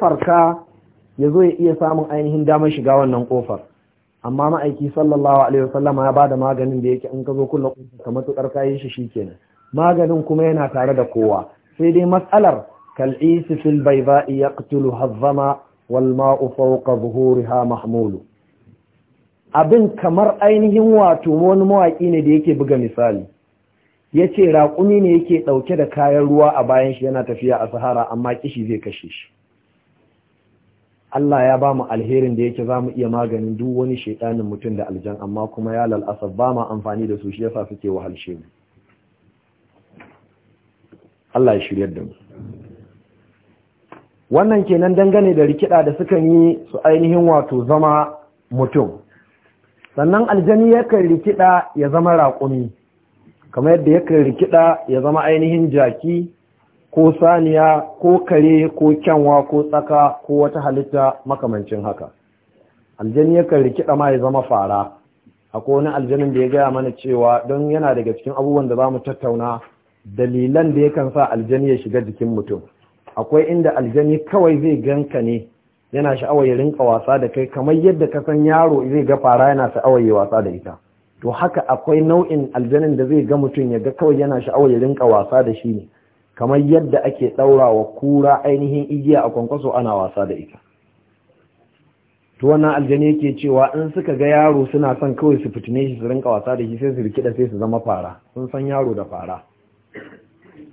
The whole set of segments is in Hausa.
kofar ka ya zo ya iya samun ainihin damar shiga wannan kofar amma ma'aiki sallallahu alaihi wasallam ya bada maganin da yake in ka zo kulla ka matukar kayan shi kenan. maganin kuma yana tare da kowa sai dai matsalar Kal'isi fil bayda'i yaqtulu hazzama wal ma'u fawqa zuhuriha mahmulu abin kamar ainihin wato wani mawaƙi ne da yake buga misali yace raƙumi ne yake ɗauke da kayan ruwa a bayan shi yana tafiya a sahara amma kishi zai kashe shi Allah ya ba mu alherin da yake za mu iya maganin duk wani shaidanin mutum da aljan amma kuma ya lalasa ba ma amfani da su shi ya sa suke wahalshe mu Allah ya shirya da mu wannan kenan dangane da rikida da sukan yi su ainihin wato zama mutum sannan aljani yakan rikida ya zama raƙumi kamar yadda yakan rikida ya zama ainihin jaki ko saniya ko kare ko kyanwa ko tsaka ko wata halitta makamancin haka aljani yakan rikida ma ya zama fara akwai wani aljanin da ya gaya mana cewa don yana daga cikin abubuwan da za mu tattauna dalilan da yakan sa aljani ya shiga jikin mutum akwai inda aljani kawai zai ganka ne yana sha'awar ya rinka wasa da kai kamar yadda ka san yaro zai ga fara yana sha'awar ya wasa da ita to haka akwai nau'in aljanin da zai ga mutum ya ga kawai yana sha'awar ya rinka wasa da shi ne kamar yadda ake wa kura ainihin igiya a kwankwaso ana wasa da ita to wannan aljani yake cewa in suka ga yaro suna son kawai su fitine shi su rinka wasa da shi sai su rikida sai su zama fara sun san yaro da fara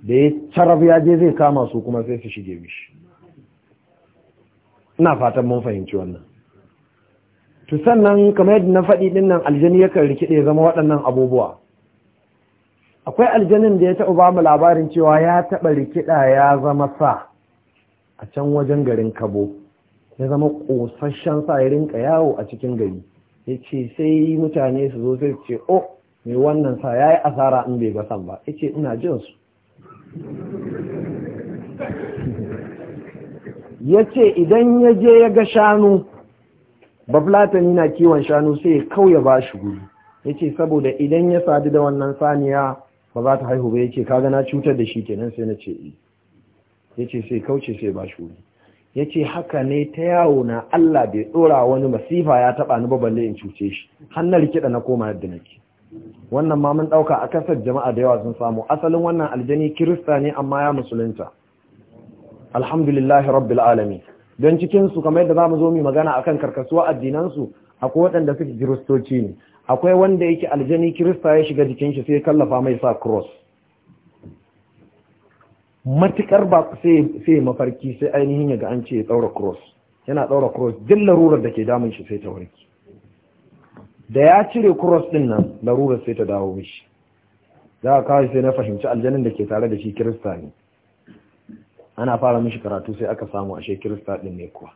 da ya carab ya je zai kama su kuma sai su shige mishi ina fatan mun fahimci wannan to sannan kamar yadda na faɗi ɗin nan aljani yakan rikide zama waɗannan abubuwa akwai aljanin da ya taɓa ba mu labarin cewa ya taɓa rikida ya zama sa a can wajen garin kabo ya zama ƙosashen sa ya rinka yawo a cikin gari ya ce sai mutane su zo sai ce o oh, mai wannan sa ya yi asara in bai basan ba ya ce ina jin su ya ce idan ya je ya ga shanu baflatani na kiwon shanu sai ya kauya ba shi guri ya ce saboda idan ya sadu da wannan saniya ba za ta haihu ba yace kaga na cutar da shi kenan sai na ce eh. ya ce sai kauce sai ba shi ce haka ne ta yawo na Allah bai dora wani masifa ya taɓa ni ba balle in cuce shi hannar kida na koma yadda nake wannan ma mun dauka a kasar jama'a da yawa sun samu asalin wannan aljani kirista ne amma ya musulunta alhamdulillahi rabbil alami don cikinsu su kamar yadda zamu zo mu magana akan karkasuwa addinan su akwai waɗanda suke kiristoci ne akwai wanda yake aljani kirista ya shiga jikin shi sai kallafa mai sa cross matukar ba sai mafarki sai ainihin yaga an ce ya daura cross yana daura cross duk larurar da ke damun shi sai ta warki da ya cire cross din nan larurar sai ta dawo mishi za a kawai sai na fahimci aljanin da ke tare da shi kirista ne ana fara mishi karatu sai aka samu ashe kirista din ne kuwa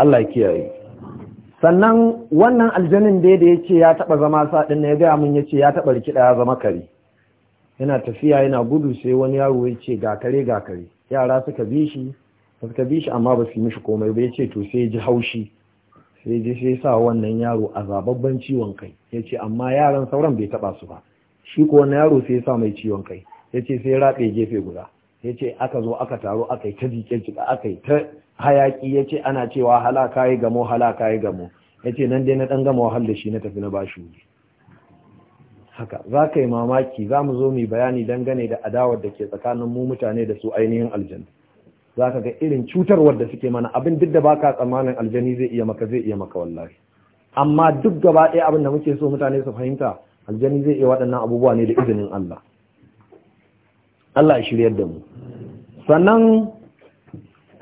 Allah ya kiyaye sannan wannan aljanin da da ya ce ya taba zama saɗin na ya gaya mun ya ce ya taɓa rikida ya zama kare yana tafiya yana gudu sai wani yaro ya ce ga kare ga kare yara suka bi shi suka bi shi amma ba su yi mishi komai ba ya ce to sai ji haushi sai ji sai sa wannan yaro a zababban ciwon kai ya ce amma yaran sauran bai taba su ba shi ko wannan yaro sai sa mai ciwon kai ya ce sai ratse gefe guda ya ce aka zo aka taro aka yi ta jike jika aka yi ta hayaki ya ce ana cewa halaka ya gamo halaka ya gamo ya ce nan dai na ɗan gama wahal da shi na tafi na bashi wuri haka za ka yi mamaki za mu zo mu bayani dangane da adawar da ke tsakanin mu mutane da su ainihin aljanna za ka ga irin cutarwar da suke mana abin duk da ba ka tsammanin aljani zai iya maka zai iya maka wallahi amma duk gaba ɗaya abin da muke so mutane su fahimta aljani zai iya waɗannan abubuwa ne da izinin Allah Allah ya shiryar da mu sannan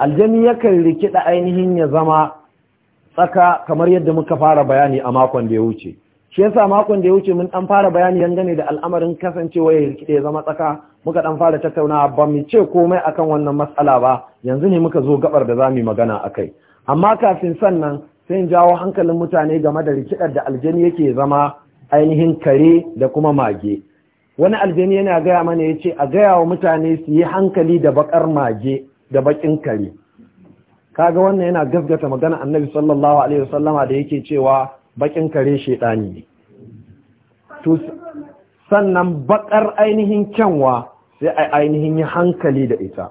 aljani yakan rikida ainihin ya zama tsaka kamar yadda muka fara bayani a makon da ya wuce shi yasa makon da ya wuce mun dan fara bayani dangane da al'amarin kasancewa ya rikide ya zama tsaka muka dan fara tattaunawa ba mu ce komai akan wannan matsala ba yanzu ne muka zo gabar da zamu magana akai amma kafin sannan sai in jawo hankalin mutane game da rikidar da aljani yake zama ainihin kare da kuma mage wani aljani yana gaya mana ya ce a gaya wa mutane su yi hankali da bakar mage da bakin kare kaga wannan yana gaskata magana annabi sallallahu alaihi wasallama da yake cewa bakin kare shedani ne to sannan bakar ainihin kyanwa sai ai ainihin yi hankali da ita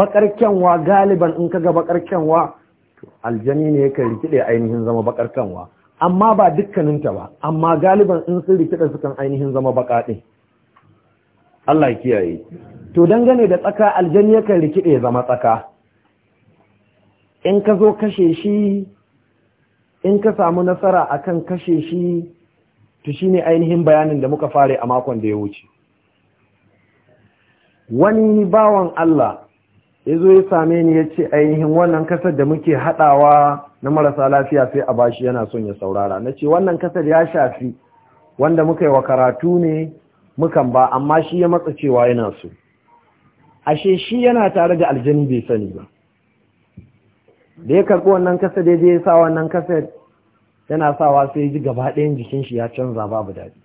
bakar kyanwa galiban in kaga bakar kyanwa to aljani ne yake rikide ainihin zama bakar kyanwa amma ba dukkaninta ba amma galiban in sun rikida sukan ainihin zama baka din Allah ya kiyaye to dangane da tsaka aljani yakan rikide ya zama tsaka in ka zo kashe shi in ka samu nasara akan kashe shi to shine ainihin bayanin da muka fare a makon da ya wuce wani bawan Allah ya zo ya same ni ya ce ainihin wannan kasar da muke haɗawa na marasa lafiya sai a bashi yana son ya saurara na ce wannan kasar ya shafi wanda muka yi wa karatu ne mukan ba amma shi ya matsa cewa yana so ashe shi yana tare da aljani bai sani ba da ya karɓi wannan kasa da ya sa wannan kasa yana sawa sai ji gaba ɗayan jikin shi ya canza babu daɗi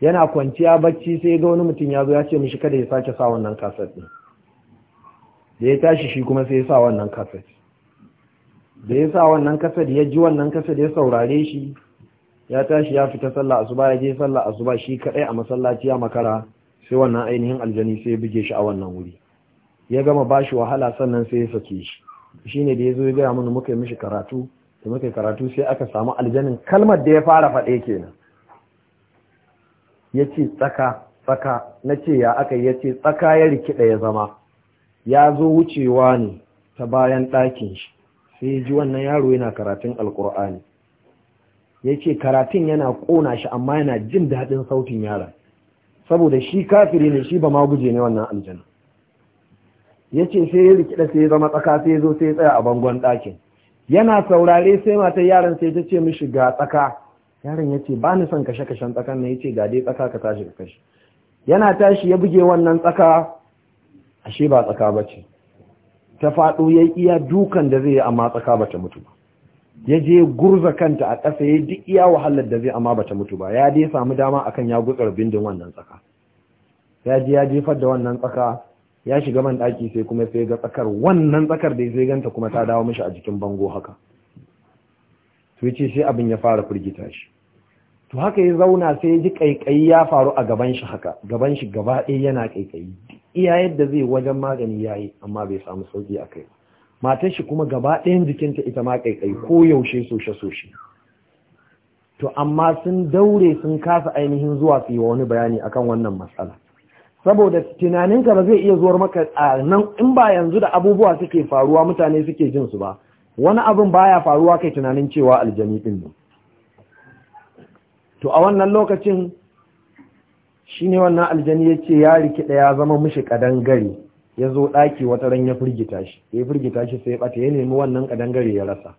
yana kwanciya bacci sai ga wani mutum ya zo ya ce mishi kada ya sake sa wannan kasa ɗin da ya tashi shi kuma sai ya sa wannan kasa da ya sa wannan da ya ji wannan kasar ya saurare shi ya tashi ya fita sallah asuba ya je sallah asuba shi kaɗai a masallaci ya makara sai wannan ainihin aljani sai ya buge shi a wannan wuri ya gama ba shi wahala sannan sai ya sake shi shine da ya zo ya gaya mana muka yi mishi karatu da muka yi karatu sai aka samu aljanin kalmar da ya fara faɗe kenan ya ce tsaka tsaka na ce ya aka ya ce tsaka ya rikida ya zama ya zo wucewa ne ta bayan ɗakin shi sai ya ji wannan yaro yana karatun Alƙur'ani. ya ce karatun yana ƙona shi amma yana jin daɗin sautin yaron saboda shi kafiri ne shi ba ma guje ne wannan aljanna ya ce sai ya rikida sai ya zama tsaka sai ya zo sai ya tsaya a bangon ɗakin yana saurare sai matar yaran sai ta ce mishi ga tsaka yaron ya ce ba ni son kashe-kashen tsakan na ya ce ga dai tsaka ka tashi ka kashe yana tashi ya buge wannan tsaka ashe ba tsaka ba ce ta faɗo ya iya dukan da zai yi amma tsaka ba ta mutu ba ya je gurza kanta a ƙasa ya duk iya wahalar da zai amma bata mutu ba ya dai samu dama akan ya gutsar bindin wannan tsaka ya je ya jefar da wannan tsaka ya shiga man ɗaki sai kuma sai ga tsakar wannan tsakar da ya sai ganta kuma ta dawo mishi a jikin bango haka to yace sai abin ya fara firgita shi to haka ya zauna sai ya ji kaikayi ya faru a gaban shi haka gaban shi gaba ɗaya yana kaikayi iya yadda zai wajen magani yayi amma bai samu sauki a kai ba matar shi kuma gaba ɗayan jikinta ita ma kaikai ko yaushe soshe soshe to amma sun daure sun kasa ainihin zuwa su yi wa wani bayani akan wannan matsala saboda tunaninka ba zai iya zuwar maka a nan in ba yanzu da abubuwa suke faruwa mutane suke jin su ba wani abin baya faruwa kai tunanin cewa aljami din ne to a wannan lokacin shine wannan aljani yace ya da ya zama mushi kadan gari ya zo ɗaki wata ran ya firgita shi ya firgita shi sai ya ɓata ya nemi wannan ƙadangare ya rasa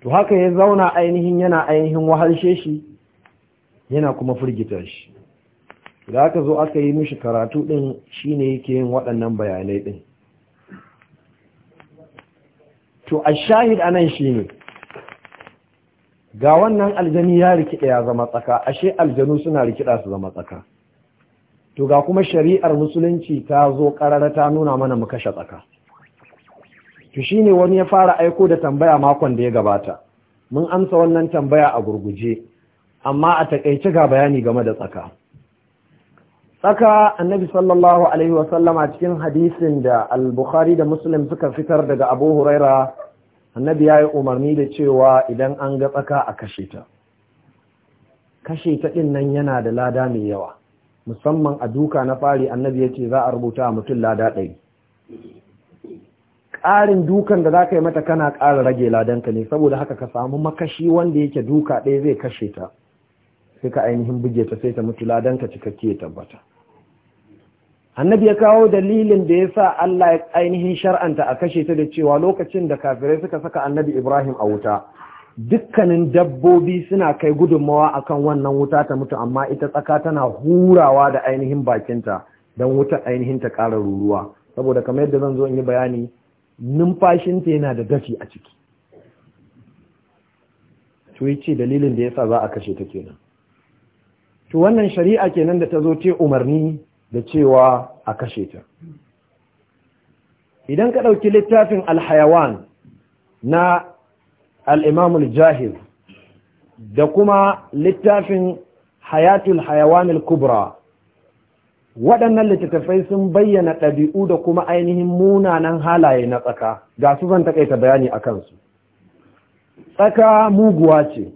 to haka ya zauna ainihin yana ainihin wahalshe shi yana kuma firgita shi da aka zo aka yi mishi karatu ɗin shine yake yin waɗannan bayanai ɗin to a shahid anan ne. ga wannan aljani ya rikida ya zama tsaka ashe aljanu suna rikida su zama tsaka to ga kuma shari'ar musulunci ta zo karara ta nuna mana mu kashe tsaka to shine wani ya fara aiko da tambaya makon da ya gabata mun amsa wannan tambaya a gurguje amma a takaice ga bayani game da tsaka tsaka annabi sallallahu alaihi sallama cikin hadisin da al-bukhari da muslim suka fitar daga abu huraira annabi ya yi umarni da cewa idan an ga tsaka a kashe ta kashe ta ɗin nan yana da lada mai yawa musamman a duka na fari annabi ya ce za a rubuta a mutum lada ɗari ƙarin dukan da za ka yi mata kana ƙara rage ladanka ne saboda haka ka samu makashi wanda yake duka ɗaya zai kashe ta sai ka ainihin buge ta sai ta mutu ladanka cikakke tabbata annabi ya kawo dalilin da ya sa Allah ya ainihin shar'anta a kashe ta da cewa lokacin da kafirai suka saka annabi Ibrahim a wuta dukkanin dabbobi suna kai gudunmawa akan wannan wuta ta mutu amma ita tsaka tana hurawa da ainihin bakinta don wuta ainihin ta ƙara ruruwa saboda kamar yadda zan zo in yi bayani numfashinta yana da dafi a ciki to yi ce dalilin da ya sa za a kashe ta kenan to wannan shari'a kenan da ta zo ce umarni da cewa a kashe ta idan ka ɗauki littafin alhayawan na al'imamul jahil da kuma littafin hayatul hayawanil kubra waɗannan littattafai sun bayyana ɗabi'u da kuma ainihin munanan halaye na tsaka ga su zan takaita bayani a kansu tsaka muguwa ce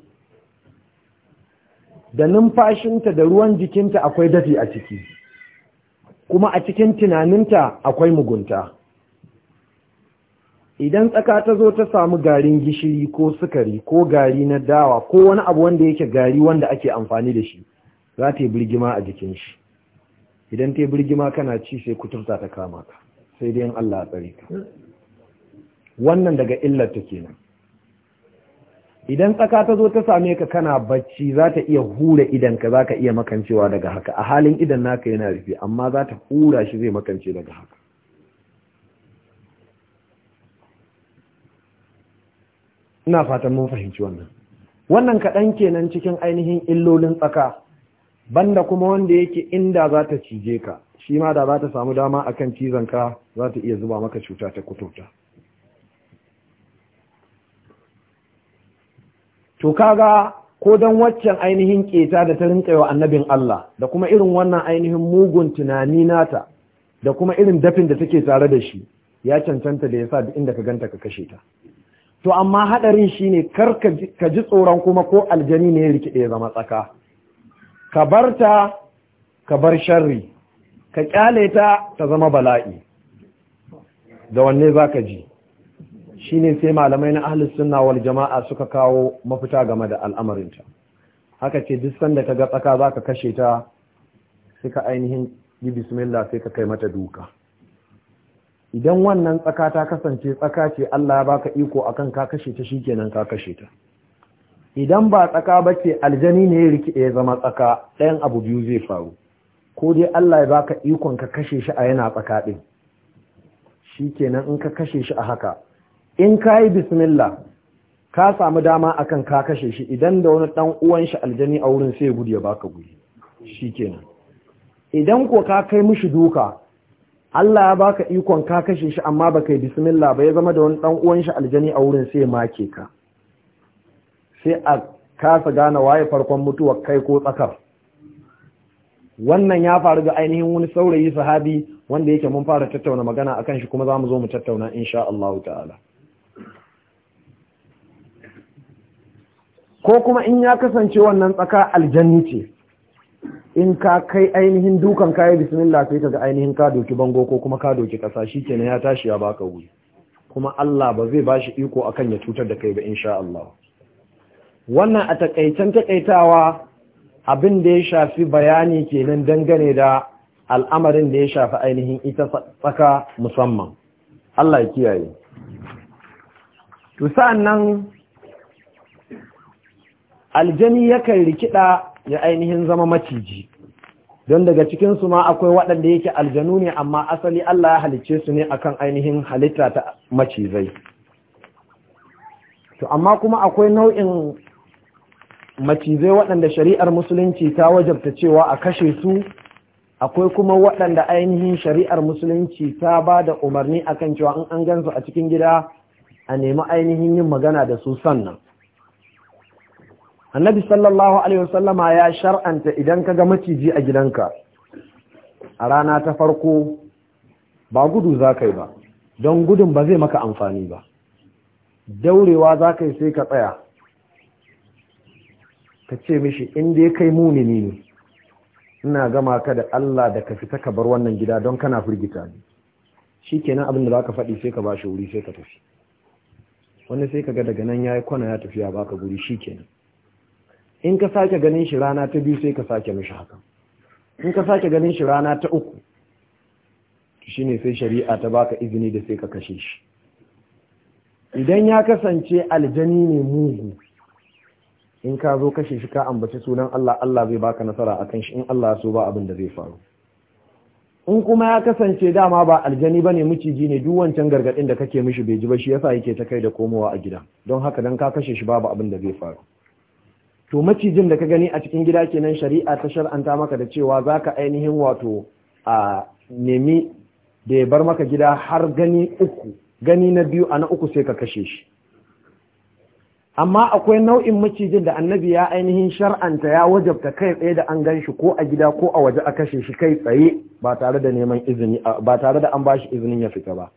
da numfashinta da ruwan jikinta akwai dafi a ciki kuma a cikin tunaninta akwai mugunta idan tsaka ta zo ta samu garin gishiri ko sukari ko gari na dawa ko wani abu wanda yake gari wanda ake amfani da shi za ta yi birgima a jikin shi idan ta yi birgima kana ci sai kuturta ta kama ka sai dai Allah a tsare ka wannan daga illar ta kenan idan tsaka ta zo ta same ka kana bacci za ta iya hura idan ka za ka iya makancewa daga haka a halin idan naka yana rufe amma za ta hura shi zai makance daga haka ina fatan mun fahimci wannan wannan kaɗan kenan cikin ainihin illolin tsaka banda kuma wanda yake inda za ta cije ka shi ma da za ta samu dama akan cizon ka za ta iya zuba maka cuta ta kutota to kaga ko don waccan ainihin keta da ta rinka wa annabin Allah da kuma irin wannan ainihin mugun tunani nata da kuma irin dafin da take tare da shi ya cancanta da ya sa duk inda ka ganta ka kashe ta to amma hadarin shine kar ka ji tsoron kuma ko aljani ne ya rikide zama tsaka ka barta ka bar sharri ka kyale ta ta zama bala'i da wanne zaka ji shine sai malamai na ahlus sunna wal jama'a suka kawo mafita game da al'amarinta haka ce duk sanda ka ga tsaka zaka kashe ta sai ainihin yi bismillah sai ka kai mata duka idan wannan tsaka ta kasance tsaka ce Allah ya baka iko akan ka kashe ta shikenan ka kashe ta idan ba tsaka bace aljani ne ya rike ya zama tsaka ɗayan abu biyu zai faru ko dai Allah ya baka ikon ka kashe shi a yana tsaka din shikenan in ka kashe shi a haka in ka yi bismillah ka samu dama akan ka kashe shi idan da wani dan uwan shi aljani a wurin sai ya gudu ya baka gudu shikenan idan ko ka kai mishi duka Allah ya baka ikon ka kashe shi amma baka yi bismillah ba ya zama da wani dan uwan shi aljani a wurin sai make ka sai a kasa gane waye farkon mutuwa kai ko tsakar wannan ya faru da ainihin wani saurayi sahabi wanda yake mun fara tattauna magana akan shi kuma zamu zo mu tattauna insha Allah ta'ala ko kuma in ya kasance wannan tsaka aljanni ce in ka kai ainihin dukan kayi bismillah sai ga ainihin ka doki bango ko kuma ka doki kasa shikenan ya tashi ya baka wuri kuma Allah ba zai bashi iko akan ya cutar da kai ba insha Allah wannan a takaitan takaitawa abin da ya shafi bayani kenan dangane da al'amarin da ya shafi ainihin ita tsaka musamman Allah ya kiyaye to sa'annan aljani yakan rikida ya ainihin zama maciji don daga cikin su ma akwai waɗanda yake aljanu ne amma asali Allah ya halicce su ne akan ainihin halitta ta macizai to amma kuma akwai nau'in macizai waɗanda shari'ar musulunci ta wajabta cewa a kashe su akwai kuma waɗanda ainihin shari'ar musulunci ta ba da umarni akan cewa in an su a cikin gida a nemi ainihin yin magana da su sannan annabi sallallahu alaihi wasallama ya shar'anta idan ka ga maciji a gidanka a rana ta farko ba gudu za ka yi ba don gudun ba zai maka amfani ba daurewa za ka yi sai ka tsaya ka ce mishi inda ya kai muni ne ina gama ka da Allah da ka fita ka bar wannan gida don kana firgita ne shi kenan abin da za ka faɗi sai ka ba shi wuri sai ka tafi wani sai ka ga daga nan ya yi kwana ya tafiya ba ka guri shi kenan in ka sake ganin shi rana ta biyu sai ka sake mishi haka in ka sake ganin shi rana ta uku shine sai shari'a ta baka izini da sai ka kashe shi idan ya kasance aljani ne mugu in ka zo kashe shi ka ambaci sunan Allah Allah zai baka nasara akan shi in Allah so ba abin da zai faru in kuma ya kasance dama ba aljani bane miciji ne duk wancan gargadin da kake mishi bai ji ba shi yasa yake ta kai da komowa a gida don haka dan ka kashe shi babu abin da zai faru to macijin da ka gani a cikin gida kenan shari'a ta shar'anta maka da cewa za ka ainihin wato a nemi da ya bar maka gida har gani uku gani na biyu a na uku sai ka kashe shi amma akwai nau'in macijin da annabi ya ainihin shar'anta ya wajabta kai tsaye da an gan shi ko a gida ko a waje a kashe shi kai tsaye ba tare da neman izini ba tare da an bashi izinin ya fita ba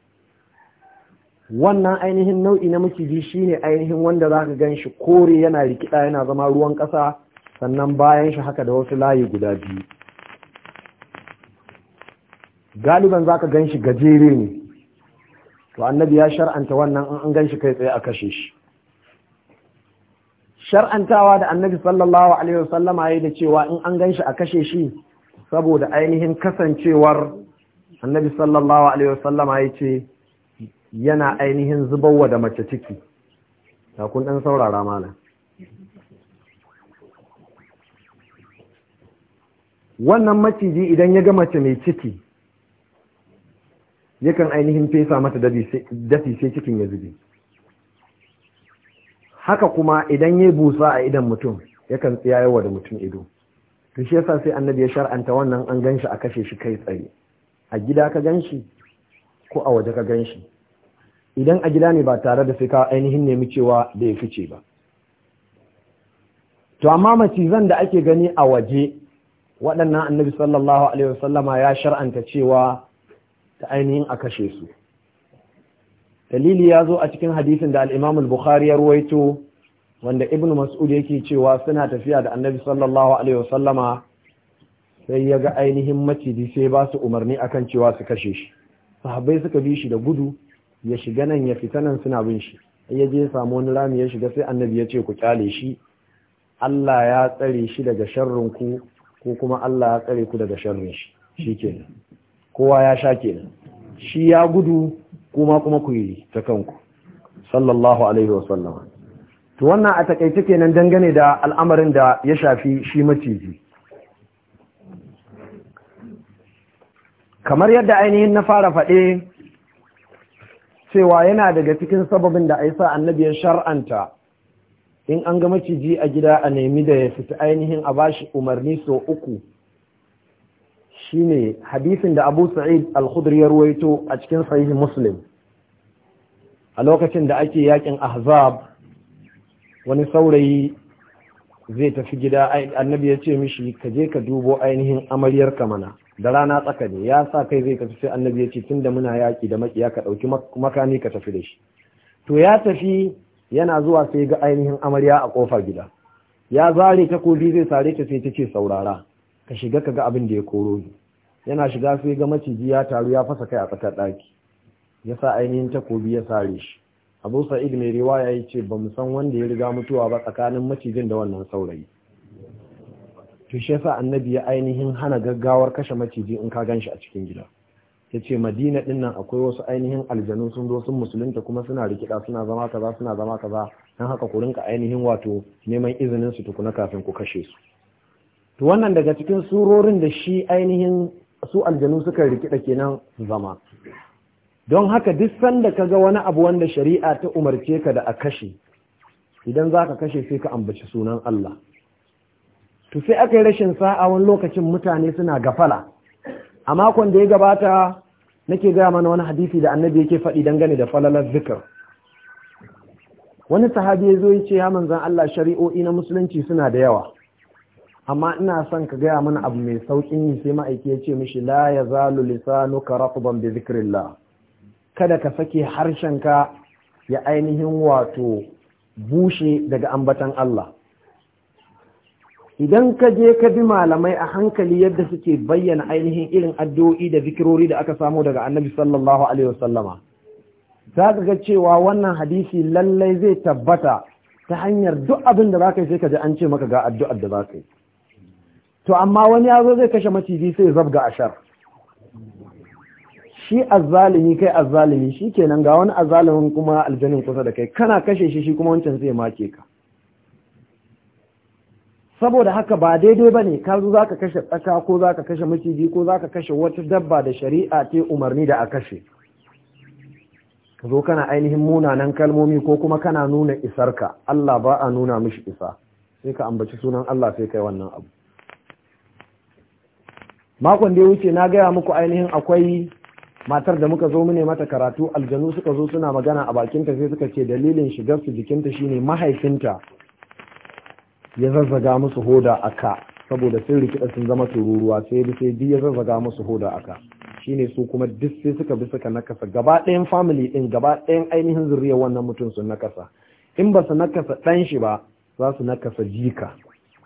wannan ainihin nau'i na maciji shine ainihin wanda za ka gan kore yana rikida yana zama ruwan ƙasa sannan bayan shi haka da wasu layi guda biyu galiban za ka gan shi gajere ne to annabi ya shar'anta wannan an gan shi kai tsaye a kashe shi shar'antawa da annabi sallallahu alaihi wasallama yayi da cewa in an ganshi a kashe shi saboda ainihin kasancewar annabi sallallahu alaihi wasallama ce yana ainihin zubarwa da mace ciki takun ɗan saurara mana wannan maciji idan ya ga mace mai ciki yakan ainihin fesa mata dafi sai cikin ya zube haka kuma idan ya busa a idan mutum yakan yawa da mutum ido to shi yasa sai annabi ya shar'anta wannan an ganshi a kashe shi kai tsaye a gida ka ganshi ko a waje ka ganshi idan a gida ne ba tare da sai ka ainihin nemi cewa da ya fice ba to amma macizan da ake gani a waje waɗannan annabi sallallahu alaihi wasallama ya shar'anta cewa ta ainihin a kashe su dalili ya zo a cikin hadisin da Al'imamul bukhari ya ruwaito wanda ibn mas'ud yake cewa suna tafiya da annabi sallallahu alaihi wasallama sai ya ga ainihin maciji sai ba su umarni akan cewa su kashe shi Sahabai suka bi shi da gudu ya shiga nan ya fita nan suna bin shi in ya je samu wani rami ya shiga sai annabi ya ce ku kyale shi Allah ya tsare shi daga sharrin ku ko kuma Allah ya tsare ku daga sharrin shi shikenan kowa ya sha kenan shi ya gudu kuma kuma ku yi ta kanku sallallahu alaihi wa sallam to wannan a takaice kenan dangane da al'amarin da ya shafi shi maciji kamar yadda ainihin na fara faɗe cewa yana daga cikin sababin da a yi sa annabi ya shar'anta in an ga maciji a gida a nemi da ya fita ainihin a bashi umarni so uku shine hadisin da Abu Sa'id al-Khudri ya ruwaito a cikin sahihi Muslim a lokacin da ake yakin Ahzab wani saurayi zai tafi gida annabi ya ce mishi ka je ka dubo ainihin amaryar ka mana da rana tsaka ne ya sa kai zai tafi sai annabi ya ce da muna yaƙi da makiya ka ɗauki makami ka tafi da shi to ya tafi yana zuwa sai ga ainihin amarya a ƙofar gida ya zare takobi zai sare ta sai ta ce saurara ka shiga ka ga abin da ya koro ni yana shiga sai ga maciji ya taru ya fasa kai a tsakar ɗaki, ya sa ainihin takobi ya sare shi abu sa'id mai riwaya ya ce ba mu san wanda ya riga mutuwa ba tsakanin macijin da wannan saurayi to shi yasa annabi ya ainihin hana gaggawar kashe maciji in ka ganshi a cikin gida ya ce madina din nan akwai wasu ainihin aljanu sun zo sun musulunta kuma suna rikida suna zama kaza suna zama kaza don haka ku rinka ainihin wato neman izinin su tukuna kafin ku kashe su to wannan daga cikin surorin da shi ainihin su aljanu suka rikida kenan su zama don haka duk sanda ka ga wani abu wanda shari'a ta umarce ka da a kashe idan za ka kashe sai ka ambaci sunan Allah to sai aka yi rashin sa'a wani lokacin mutane suna gafala a makon da ya gabata nake gaya mana wani hadisi da annabi yake faɗi dangane da falalar zikir wani sahabi ya zo ya ce ya manzan Allah shari'o'i na musulunci suna da yawa amma ina son ka gaya mana abu mai sauƙin yi sai ma'aiki ya ce mishi la ya zalu ka ratban bi zikrillah kada ka sake harshen ka ya ainihin wato bushe daga ambatan Allah idan ka je ka bi malamai a hankali yadda suke bayyana ainihin irin addu'o'i da zikirori da aka samu daga annabi sallallahu alaihi wasallama za ka ga cewa wannan hadisi lallai zai tabbata ta hanyar duk abin da za sai ka ji an ce maka ga addu'ar da za to amma wani ya zo zai kashe maciji sai zabga ashar shi azzalimi kai azzalimi shi kenan ga wani azzalimin kuma aljanin kusa da kai kana kashe shi shi kuma wancan zai make ka saboda haka ba daidai ba ne ka za ka kashe tsaka ko za ka kashe maciji ko za ka kashe wata dabba da shari'a ce umarni da a kashe ka zo kana ainihin munanan kalmomi ko kuma kana nuna isarka Allah ba a nuna mishi isa sai ka ambaci sunan Allah sai kai wannan abu makon da ya wuce na gaya muku ainihin akwai matar da muka zo mu ne mata karatu aljanu suka zo suna magana a bakinta sai suka ce dalilin shigar su jikinta shine mahaifinta ya zazzaga musu hoda a ka saboda sun rikida sun zama tururuwa sai bi sai bi ya zazzaga musu hoda a ka shine su kuma duk sai suka bi suka nakasa gaba ɗayan family ɗin gaba ɗayan ainihin zuriyar wannan mutum sun nakasa in ba su nakasa ɗan shi ba za su nakasa jika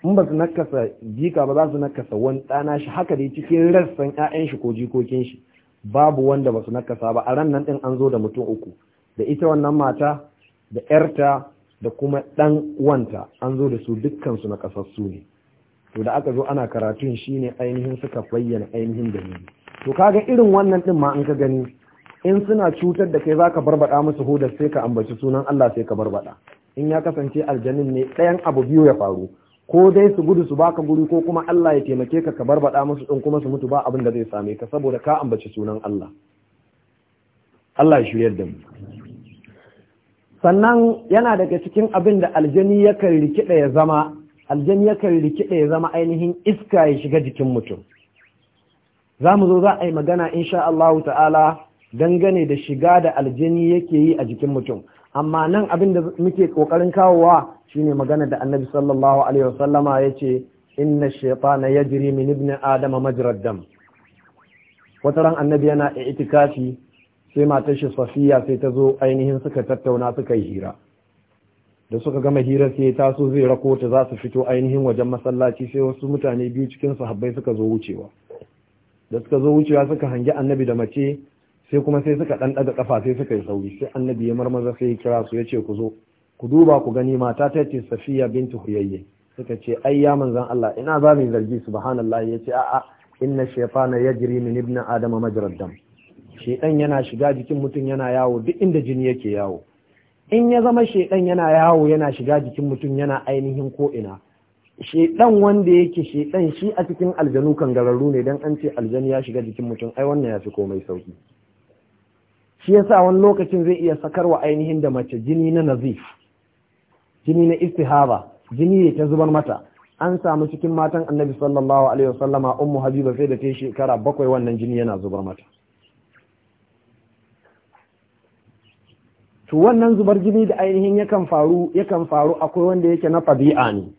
in ba su nakasa jika ba za su nakasa wani ɗana shi haka dai cikin rassan 'ya'yan shi ko jikokin shi babu wanda ba su nakasa ba a ran nan ɗin an zo da mutum uku da ita wannan mata da 'yarta da kuma ɗan wanta an zo da su dukkansu na ƙasassu ne to da aka zo ana karatun shine ainihin suka bayyana ainihin dalili to kaga irin wannan ɗin ma an ka gani in suna cutar da kai za zaka barbaɗa musu hudar sai ka ambaci sunan Allah sai ka baɗa. in ya kasance aljanin ne ɗayan abu biyu ya faru ko dai su gudu su baka guri ko kuma Allah ya taimake ka ka barbaɗa musu ɗin kuma su mutu ba abin da zai same ka saboda ka ambaci sunan Allah Allah ya shiryar da mu sannan yana daga cikin abin da aljani yakan rikida ya zama aljani yakan rikida ya zama ainihin iska ya shiga jikin mutum za mu zo za a yi magana insha Allah ta'ala dangane da shiga da aljani yake yi a jikin mutum amma nan abin da muke kokarin kawowa shine magana da annabi sallallahu alaihi wasallama yace inna shaytana yajri min ibni adama majrad dam wata annabi yana itikafi sai matar shi safiya sai ta zo ainihin suka tattauna suka yi hira da suka gama hira sai ta taso zai rako ta za su fito ainihin wajen masallaci sai wasu mutane biyu cikin sahabbai suka zo wucewa da suka zo wucewa suka hangi annabi da mace sai kuma sai suka dan daga kafa sai suka yi sauri sai annabi ya marmaza sai ya kira su ya ce ku zo ku duba ku gani mata ta ce safiya bintu huyayye suka ce ai ya manzon Allah ina za mu zargi subhanallahi ce a'a inna shaytana yajri min ibn adama majrad shaiɗan yana shiga jikin mutum yana yawo duk inda jini yake yawo in ya zama shaiɗan yana yawo yana shiga jikin mutum yana ainihin ko ina shaiɗan wanda yake shaiɗan shi a cikin aljanu kan gararru ne don an ce aljanu ya shiga jikin mutum ai wannan ya fi komai sauki shi yasa wani lokacin zai iya sakar wa ainihin da mace jini na nazif jini na istihaba jini ne ta zubar mata an samu cikin matan annabi sallallahu alaihi wasallama ummu habiba sai da ta shekara bakwai wannan jini yana zubar mata to wannan zubar jini da ainihin yakan faru yakan faru akwai wanda yake na fabi'a ne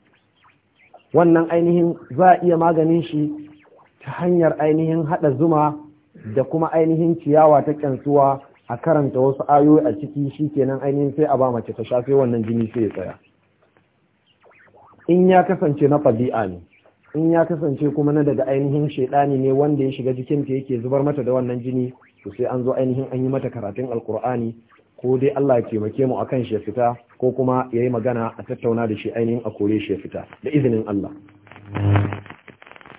wannan ainihin za a iya maganin shi ta hanyar ainihin haɗa zuma da kuma ainihin ciyawa ta kyansuwa a karanta wasu ayoyi a ciki shi kenan ainihin sai a ba mace ta shafe wannan jini sai ya tsaya in ya kasance na fabi'a ne in ya kasance kuma na daga ainihin shaidani ne wanda ya shiga jikinta yake zubar mata da wannan jini to sai an zo ainihin an yi mata karatun alkur'ani ko dai Allah ya taimake mu akan shi ya fita ko kuma yayi magana a tattauna da shi ainihin a kore shi ya fita da izinin Allah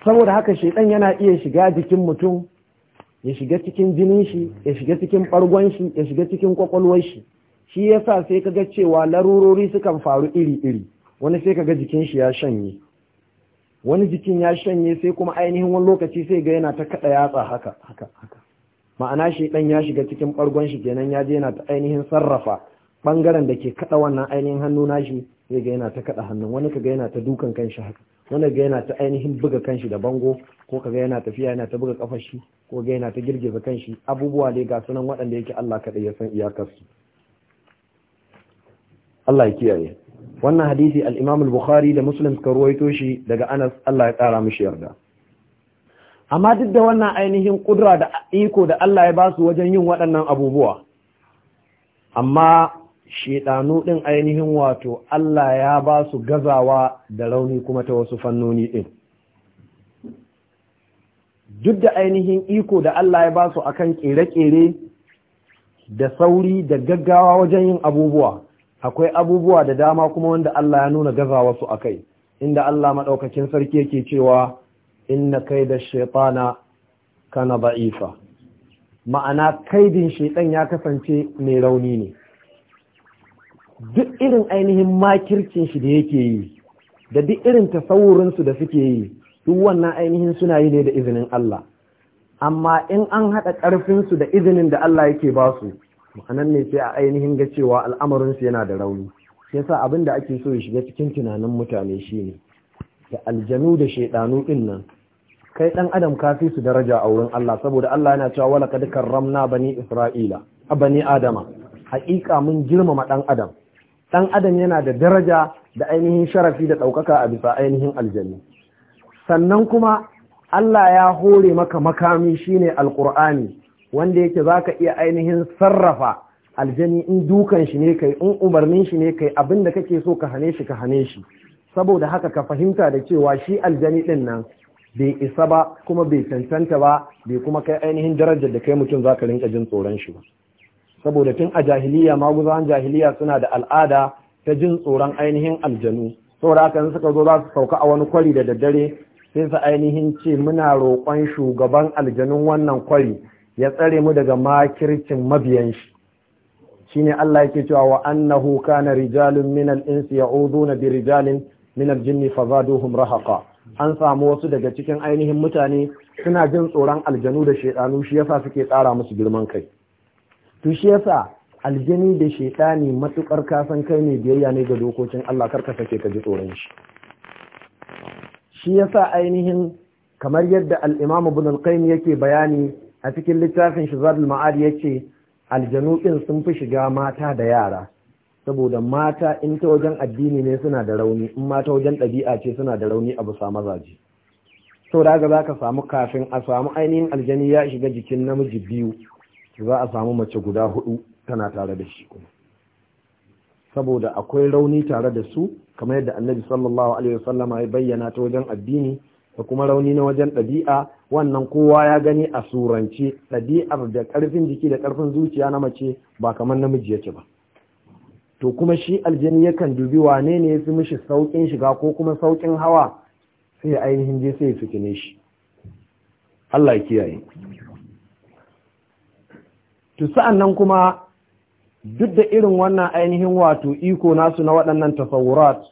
saboda haka shedan yana iya shiga jikin mutum ya shiga cikin jinin shi ya shiga cikin bargon shi ya shiga cikin kwakwalwar shi shi yasa sai kaga cewa larurori sukan faru iri iri wani sai kaga jikin shi ya shanye wani jikin ya shanye sai kuma ainihin wani lokaci sai ga yana ta kada yatsa haka haka haka ma'ana shi shaidan ya shiga cikin bargon shi kenan ya je yana ta ainihin sarrafa bangaren da ke kada wannan ainihin hannu nashi zai ga yana ta kada hannun wani kaga yana ta dukan kanshi haka wani ga yana ta ainihin buga kanshi da bango ko kaga yana tafiya yana ta buga kafar shi ko ga yana ta girgiza kanshi abubuwa dai ga sunan waɗanda yake Allah kada ya san iyakar su Allah ya kiyaye wannan hadisi al-Imam al-Bukhari da Muslim suka ruwaito shi daga Anas Allah ya kara mishi yarda amma duk da wannan ainihin kudura da iko da Allah ya ba su wajen yin waɗannan abubuwa amma shaiɗanu ɗin ainihin wato Allah ya ba su gazawa da rauni kuma ta wasu fannoni ɗin duk da ainihin iko da Allah ya ba su akan ƙere-ƙere da sauri da gaggawa wajen yin abubuwa akwai abubuwa da dama kuma wanda Allah ya nuna gazawa su kai, inda Allah maɗaukakin sarki yake cewa inna kaida shaitana kana ba'ifa ma'ana kaidin shaitan ya kasance mai rauni ne duk irin ainihin makircin shi da yake yi da duk irin tasawurinsu da suke yi duk wannan ainihin suna yi ne da izinin Allah amma in an haɗa ƙarfinsu da izinin da Allah yake ba su ma'anan ne sai a ainihin ga cewa al'amarinsu yana da rauni yasa abin da ake so ya shiga cikin tunanin mutane shine da aljanu da shaidanu din nan kai dan adam ka fi su daraja a wurin Allah saboda Allah yana cewa wala kad karramna bani isra'ila abani adama haƙiƙa mun girmama dan adam dan adam yana da daraja da ainihin sharafi da daukaka a bisa ainihin aljanna sannan kuma Allah ya hore maka makami shine alqur'ani wanda yake zaka iya ainihin sarrafa aljani in dukan shi ne kai in umarnin shi ne kai abinda kake so ka hane shi ka hane shi saboda haka ka fahimta da cewa shi aljani din nan bai isa ba kuma bai cancanta ba bai kuma kai ainihin darajar da kai mutum za ka rinka jin tsoron shi ba saboda tun a jahiliya maguzawan jahiliya suna da al'ada ta jin tsoron ainihin aljanu saboda haka suka zo za su sauka a wani kwari da daddare sai su ainihin ce muna roƙon shugaban aljanun wannan kwari ya tsare mu daga makircin mabiyan shi shine Allah yake cewa wa annahu kana rijalun minal insi ya'uduna bi rijalin min aljinni fazaduhum rahaqa an samu wasu daga cikin ainihin mutane suna jin tsoron aljanu da shedanu shi yasa suke tsara musu girman kai to shi yasa aljani da shedani matukar kasan kai ne biyayya ne ga dokokin Allah karka sake ka ji tsoron shi shi yasa ainihin kamar yadda al-Imam Ibn al-Qayyim yake bayani a cikin littafin Shizadul Ma'ad yake aljanu din sun fi shiga mata da yara saboda mata in ta wajen addini ne suna da rauni in mata wajen ɗabi'a ce suna da rauni a busa mazaje sau da za ka samu kafin a samu ainihin aljani ya shiga jikin namiji biyu za a samu mace guda hudu tana tare da shi kuma saboda akwai rauni tare da su kamar yadda annabi sallallahu alaihi wasallama ya bayyana ta wajen addini da kuma rauni na wajen ɗabi'a wannan kowa ya gani a surance ɗabi'ar da ƙarfin jiki da ƙarfin zuciya na mace ba kamar namiji yake ba to kuma shi aljani yakan dubi wane ne ya fi mishi saukin shiga ko kuma saukin hawa sai ainihin je sai ya fitine shi Allah kiyaye to sa'annan kuma duk da irin wannan ainihin wato iko nasu na waɗannan tasawurat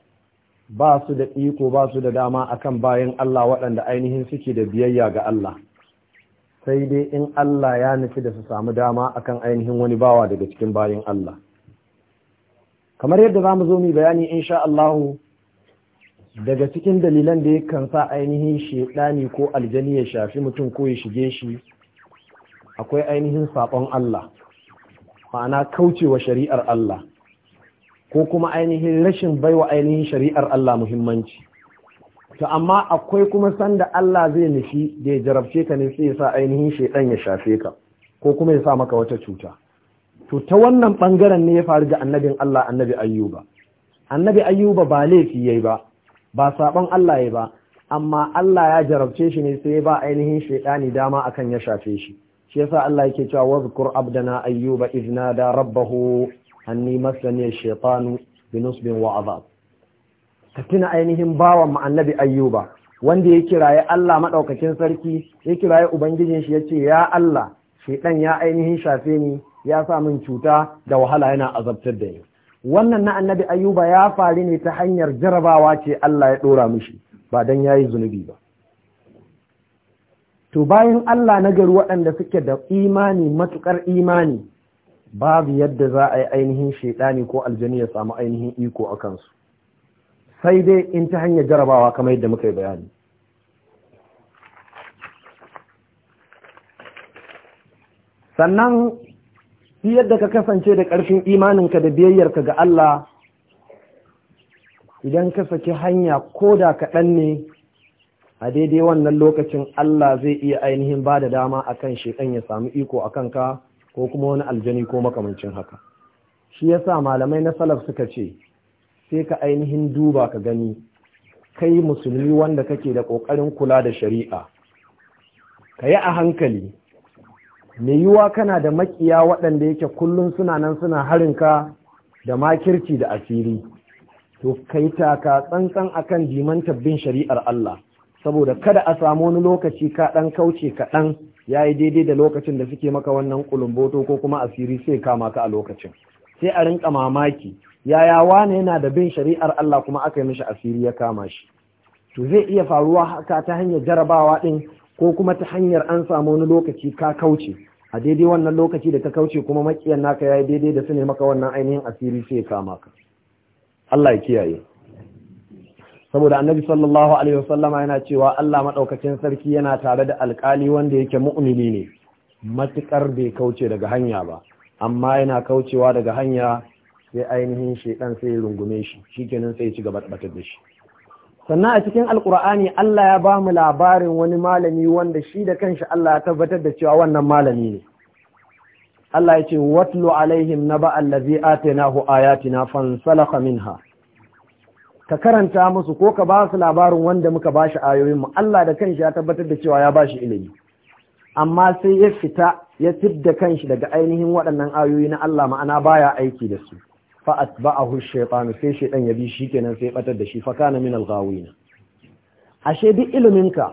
ba su da iko ba su da dama akan bayan Allah waɗanda ainihin suke da biyayya ga Allah sai dai in Allah ya nufi da su samu dama akan ainihin wani bawa daga cikin bayan Allah kamar yadda za mu zo mu bayani insha Allahu daga cikin dalilan da yakan sa ainihin shedani ko aljani ya shafi mutum ko ya shige shi akwai ainihin sabon Allah ma'ana kaucewa shari'ar Allah ko kuma ainihin rashin baiwa ainihin shari'ar Allah muhimmanci to amma akwai kuma sanda Allah zai nufi da ya jarabce ka ne sai ya sa ainihin shedan ya shafe ka ko kuma ya sa maka wata cuta to ta wannan bangaren ne ya faru da annabin Allah annabi ayyuba annabi ayyuba ba laifi yayi ba ba sabon Allah yayi ba amma Allah ya jarabce shi ne sai ba ainihin shaytani dama akan ya shafe shi shi yasa Allah yake cewa wazkur abdana ayyuba izna da rabbahu anni masani ash-shaytanu binusbin wa azab ka ainihin bawan annabi ayyuba wanda ya kiraye Allah madaukakin sarki ya kiraye ubangijin shi yace ya Allah shaytan ya ainihin shafe ni ya sa min cuta da wahala yana azabtar da ni wannan na annabi ayuba ya faru ne ta hanyar jarabawa ce Allah ya ɗora mishi ba dan yayi zunubi ba to bayan Allah na gari waɗanda suke da imani matukar imani babu yadda za a yi ainihin shaiɗani ko aljani ya samu ainihin iko a kansu sai dai in ta hanyar jarabawa kamar yadda muka yi bayani sannan shi yadda ka kasance da ƙarfin imaninka da biyayyarka ga Allah idan ka saki hanya ko da kaɗan ne a daidai wannan lokacin Allah zai iya ainihin ba da dama a kan shekan ya samu iko a kanka ko kuma wani aljani ko makamancin haka shi ya sa malamai na salaf suka ce sai ka ainihin duba ka gani kai musulmi wanda kake da ƙoƙarin kula da shari'a ka yi a hankali mai yiwuwa kana da makiya waɗanda yake kullum suna nan suna harin ka da makirci da asiri to kai taka tsantsan akan diman tabbin shari'ar Allah saboda kada a samu wani lokaci ka ɗan kauce kaɗan ya yi daidai da lokacin da suke maka wannan kulumboto ko kuma asiri sai kama ka a lokacin sai a rinka mamaki yaya wane yana da bin shari'ar Allah kuma aka yi mishi asiri ya kama shi to zai iya faruwa haka ta hanyar jarabawa ɗin ko kuma ta hanyar an samu wani lokaci ka kauce a daidai wannan lokaci da ka kauce kuma makiyan naka ya yi daidai da su ne maka wannan ainihin asiri sai ya kama ka Allah ya kiyaye saboda annabi sallallahu alaihi wasallama yana cewa Allah maɗaukacin sarki yana tare da alkali wanda yake mu'mini ne matukar bai kauce daga hanya ba amma yana kaucewa daga hanya sai ainihin shedan sai rungume shi shikenan sai ya ci gaba da batar da shi sannan a cikin alkur'ani Allah ya ba mu labarin wani malami wanda shi da kanshi Allah ya tabbatar da cewa wannan malami ne Allah ya ce watlu alaihim naba allazi atainahu ayatina fansalakha minha ka karanta musu ko ka ba su labarin wanda muka bashi ayoyin mu Allah da kanshi ya tabbatar da cewa ya bashi ilimi amma sai ya fita ya fidda kanshi daga ainihin waɗannan ayoyi na Allah ma'ana baya aiki da su fa'at atba'ahu shaytan sai shaytan ya bi shi kenan sai batar da shi fa kana min al ashe duk iliminka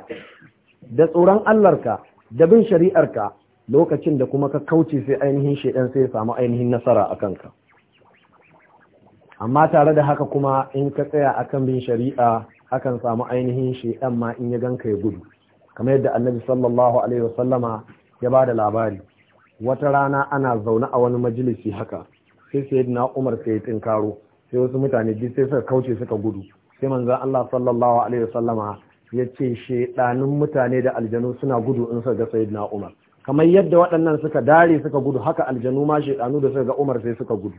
da tsoron Allahrka da bin shari'arka lokacin da kuma ka kauce sai ainihin shaytan sai ya samu ainihin nasara akan ka amma tare da haka kuma in ka tsaya akan bin shari'a akan samu ainihin shaytan ma in ya ganka ya gudu kamar yadda Annabi sallallahu alaihi wasallama ya bada labari wata rana ana zaune a wani majalisi haka sai sai na umar sai ya tinkaro sai wasu mutane duk sai suka kauce suka gudu sai manzo Allah sallallahu alaihi wasallama ya ce shedanin mutane da aljanu suna gudu in suka ga sayyidina umar kamar yadda waɗannan suka dare suka gudu haka aljanu ma shedanu da suka ga umar sai suka gudu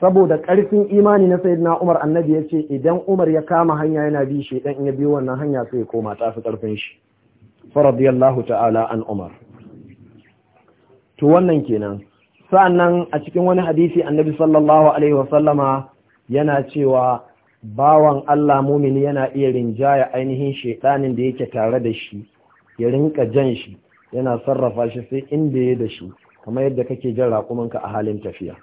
saboda ƙarfin imani na sayyidina umar annabi ya ce idan umar ya kama hanya yana bi shedan in ya bi wannan hanya sai ya koma ta fi ƙarfin shi fa radiyallahu ta'ala an umar to wannan kenan sa'annan a cikin wani hadisi annabi sallallahu alaihi wasallama yana cewa bawan Allah mumini yana iya rinjaya ainihin shaidanin da yake tare da shi ya rinka jan shi yana sarrafa shi sai inda ya da shi kamar yadda kake jan raƙumanka a halin tafiya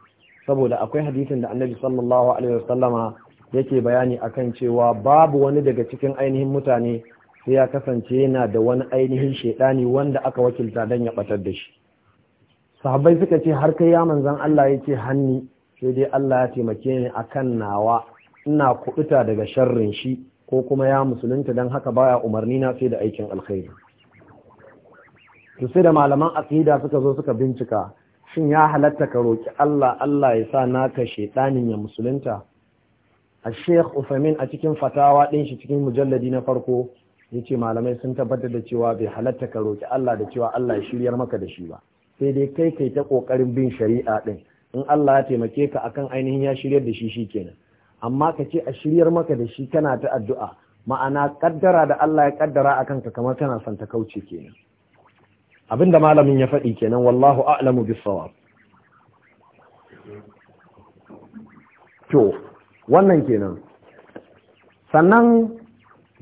saboda akwai hadisin da annabi sallallahu alaihi wasallama yake bayani akan cewa babu wani daga cikin ainihin mutane sai ya kasance yana da wani ainihin shaidani wanda aka wakilta don ya ɓatar da shi sahabbai suka ce har kai ya manzan Allah ya ce hanni sai dai Allah ya taimake ni akan nawa ina kuɗuta daga sharrin shi ko kuma ya musulunta don haka baya umarni na sai da aikin alkhairi to sai da malaman aqida suka zo suka bincika shin ya halatta ka roki Allah Allah ya sa naka shedanin ya musulunta a Sheikh ufamin a cikin fatawa ɗin shi cikin mujalladi na farko yace malamai sun tabbatar da cewa bai halatta ka roki Allah da cewa Allah ya shiryar maka da shi ba sai dai kai kai ta kokarin bin shari'a din in Allah ya taimake ka akan ainihin ya shiryar da shi kenan. amma ka ce a shiryar maka da shi kana ta addu'a ma'ana kaddara da Allah ya kaddara akan ka kamar kana son ta kauce kenan abinda malamin ya faɗi kenan wallahu a'lamu bis-sawab to wannan kenan sannan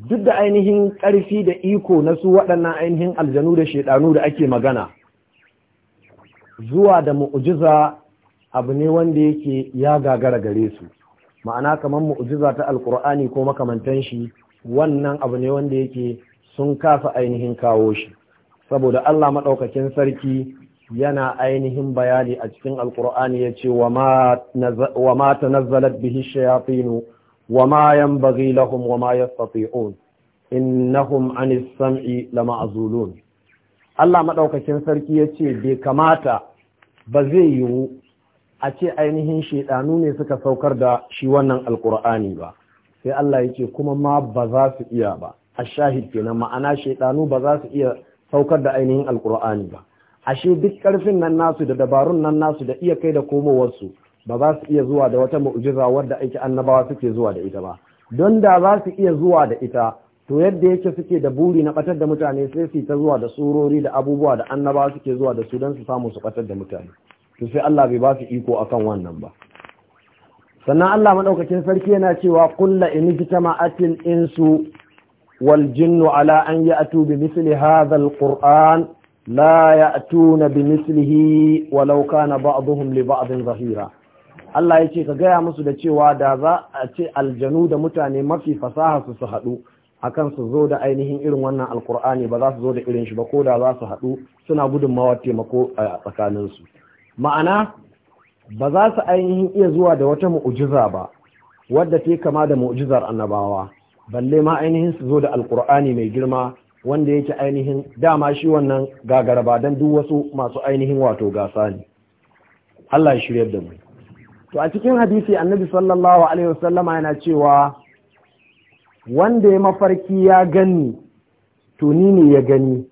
duk da ainihin ƙarfi da iko na su waɗannan ainihin aljanu da shaidanu da ake magana zuwa da mu'ujiza abu ne wanda yake ya gagara gare su ma'ana kamar mu'ujiza ta alkur'ani ko makamantan shi wannan abu ne wanda yake sun kasa ainihin kawo shi saboda Allah maɗaukakin sarki yana ainihin bayani a cikin alkur'ani ya ce wa ma ta bihi shayatinu wa ma yanbaghi lahum wa ma yastati'un innahum anis sam'i lama'zulun Allah maɗaukakin sarki ya ce bai kamata ba zai yiwu a ce ainihin shaidanu ne suka saukar da shi wannan alkur'ani ba sai Allah ya ce kuma ma ba za su iya ba a shahid kenan ma'ana shaidanu ba za su iya saukar da ainihin alkur'ani ba ashe duk karfin nan nasu da dabarun nan nasu da iya kai da komowarsu ba za su iya zuwa da wata mu'jiza wadda ake annabawa suke zuwa da ita ba don da za su iya zuwa da ita to yadda yake suke da buri na batar da mutane sai su ta zuwa da surori da abubuwa da annaba suke zuwa da su don su samu su batar da mutane to sai Allah bai ba su iko akan wannan ba sannan Allah madaukakin sarki yana cewa kulla in jitama'atil insu wal jinnu ala an ya'tu bi misli hadha al qur'an la ya'tuna bi mislihi walau kana ba'dhum li ba'dhin zahira Allah ya ce ka gaya musu da cewa da za a ce aljanu da mutane mafi fasaha su su haɗu akan su zo da ainihin irin wannan alkur'ani ba za su zo da irin shi ba ko da za su haɗu suna gudunmawa taimako a tsakaninsu ma'ana ba za su ainihin iya zuwa da wata mu'ujiza ba wadda ta kama da mu'ujizar annabawa balle ma ainihin su zo da alkur'ani mai girma wanda yake ainihin dama shi wannan gagaraba don duk wasu masu ainihin wato gasa ne Allah ya shirya da mu to a cikin hadisi annabi sallallahu alaihi wasallama yana cewa wanda ya mafarki ya gani to ni ne ya gani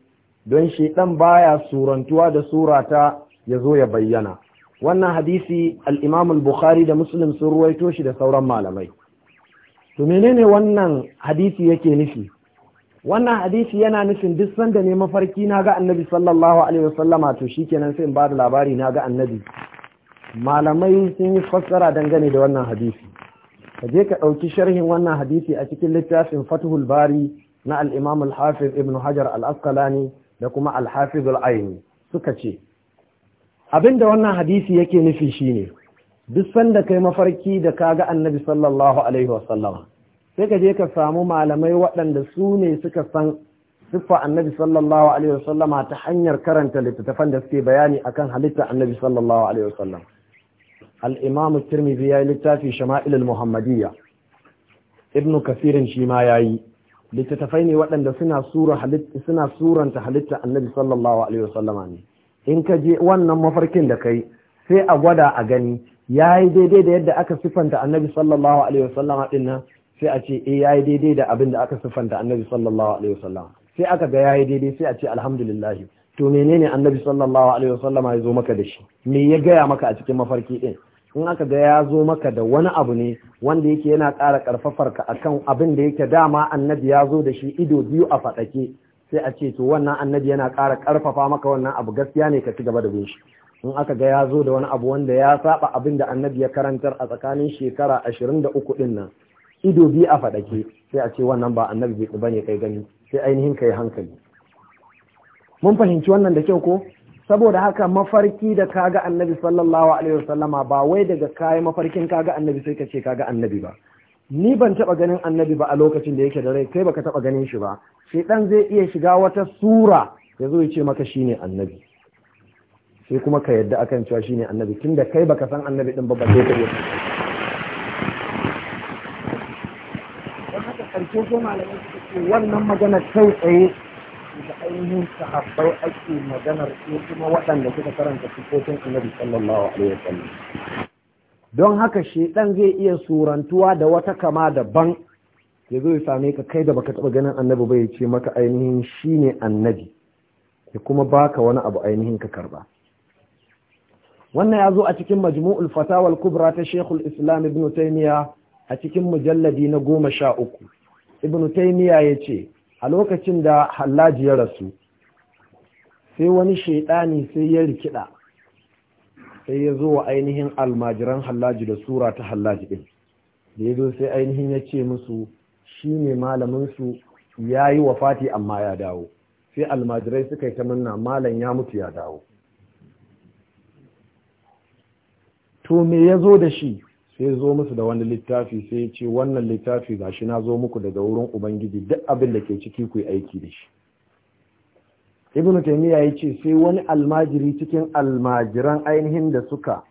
don shaidan baya surantuwa da surata ya zo ya bayyana wannan hadisi al-imam al-bukhari da muslim sun ruwaito shi da sauran malamai to menene wannan hadisi yake nufi wannan hadisi yana nufin duk sanda ne mafarki na ga annabi sallallahu alaihi wasallama to shikenan sai in ba da labari na ga annabi malamai sun yi fassara dangane da wannan hadisi ka je ka ɗauki sharhin wannan hadisi a cikin littafin fathul bari na al-imam al-hafiz ibn hajar al da kuma al-hafiz aini suka ce abinda wannan hadisi yake nufi shine duk sanda kai mafarki da kaga annabi sallallahu alaihi wasallam sai ka je ka samu malamai waɗanda su ne suka san siffa annabi sallallahu alaihi wasallama ta hanyar karanta littattafan da suke bayani akan halitta annabi sallallahu alaihi wasallam al'imamu tirmidhi ya yi littafi shama'ilul muhammadiyya ibn kafirin shi ma ya yi littattafai ne waɗanda suna suranta halitta annabi sallallahu alaihi in ka je wannan mafarkin da kai sai a gwada a gani ya yi daidai da yadda aka siffanta annabi sallallahu alaihi wasallama sai a ce ya yi daidai da abin aka siffanta annabi sallallahu alaihi sai aka ga ya yi daidai sai a ce alhamdulillahi to menene annabi sallallahu alaihi ya zo maka da shi me ya gaya maka a cikin mafarki ɗin in aka ga ya zo maka da wani abu ne wanda yake yana ƙara ƙarfafar ka akan abin da yake dama annabi ya zo da shi ido biyu a faɗake sai a ce to wannan annabi yana ƙara ƙarfafa maka wannan abu gaskiya ne ka ci gaba da bin shi in aka ga ya zo da wani abu wanda ya saba abin da annabi ya karantar a tsakanin shekara ashirin da uku ɗin nan ido biyu a faɗake sai a ce wannan ba annabi bai ne kai gani sai ainihin kai hankali mun fahimci wannan da kyau ko saboda haka mafarki da kaga annabi sallallahu alaihi wasallama ba wai daga kayi mafarkin kaga annabi sai ka ce kaga annabi ba ni ban taba ganin annabi ba a lokacin da yake da rai kai baka taba ganin shi ba shedan zai iya shiga wata sura ya zo ya ce maka shine annabi sai kuma ka yadda akan cewa shine annabi tunda kai baka san annabi din ba ba sai ka yi wannan magana kai tsaye da ainihin sahabbai ake maganar su kuma waɗanda suka karanta sifofin annabi sallallahu alaihi wasallam don haka shedan zai iya surantuwa da wata kama daban ya zo ya same ka kai da baka taba ganin annabi bai ce maka ainihin shine annabi ya kuma baka wani abu ainihin ka karba wannan ya zo a cikin majmu'ul Fatawal kubra ta Sheikhul Islam Ibn Taymiyyah a cikin mujalladi na goma sha uku Ibn Taymiyyah ya ce a lokacin da hallaji ya rasu sai wani shaidani sai ya rikida sai ya zo wa ainihin almajiran hallaji da sura ta hallaji ɗin da ya zo sai ainihin ya ce musu shi ne malaminsu ya yi Fati amma ya dawo sai almajirai suka yi ta manna malam ya mutu ya dawo to me ya zo da shi sai zo musu da wani littafi sai ya ce wannan littafi shi na zo muku daga wurin ubangiji duk abin da ke ciki ku aiki da shi ibnu taymiya ya ce sai wani almajiri cikin almajiran ainihin da suka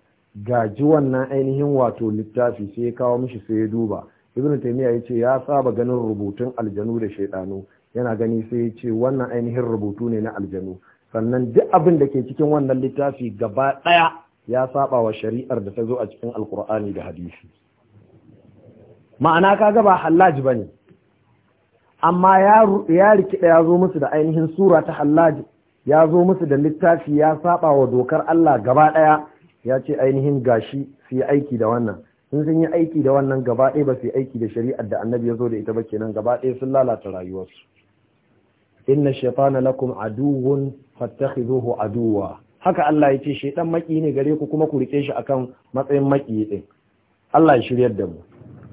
gaji wannan ainihin wato littafi sai ya kawo mishi sai ya duba ibn taymiya ce ya saba ganin rubutun aljanu da shaidanu yana gani sai ya ce wannan ainihin rubutu ne na aljanu sannan duk abin da ke cikin wannan littafi gaba ɗaya. ya saba wa shari'ar da ta zo a cikin alkur'ani da hadisi ma'ana kaga ba hallaj bane amma ya rikida ya zo musu da ainihin sura ta hallaj ya zo musu da littafi ya saba wa dokar Allah gaba daya ya ce ainihin gashi su yi aiki da wannan sun sun yi aiki da wannan gaba ɗaya ba su yi aiki da shari'ar da annabi ya zo da ita ba kenan gaba ɗaya sun lalata rayuwarsu inna shaitana lakum aduwwun fattakhidhuhu aduwwa haka Allah ya ce dan maki ne gare ku kuma ku rike shi akan matsayin maki din Allah ya shiryar da mu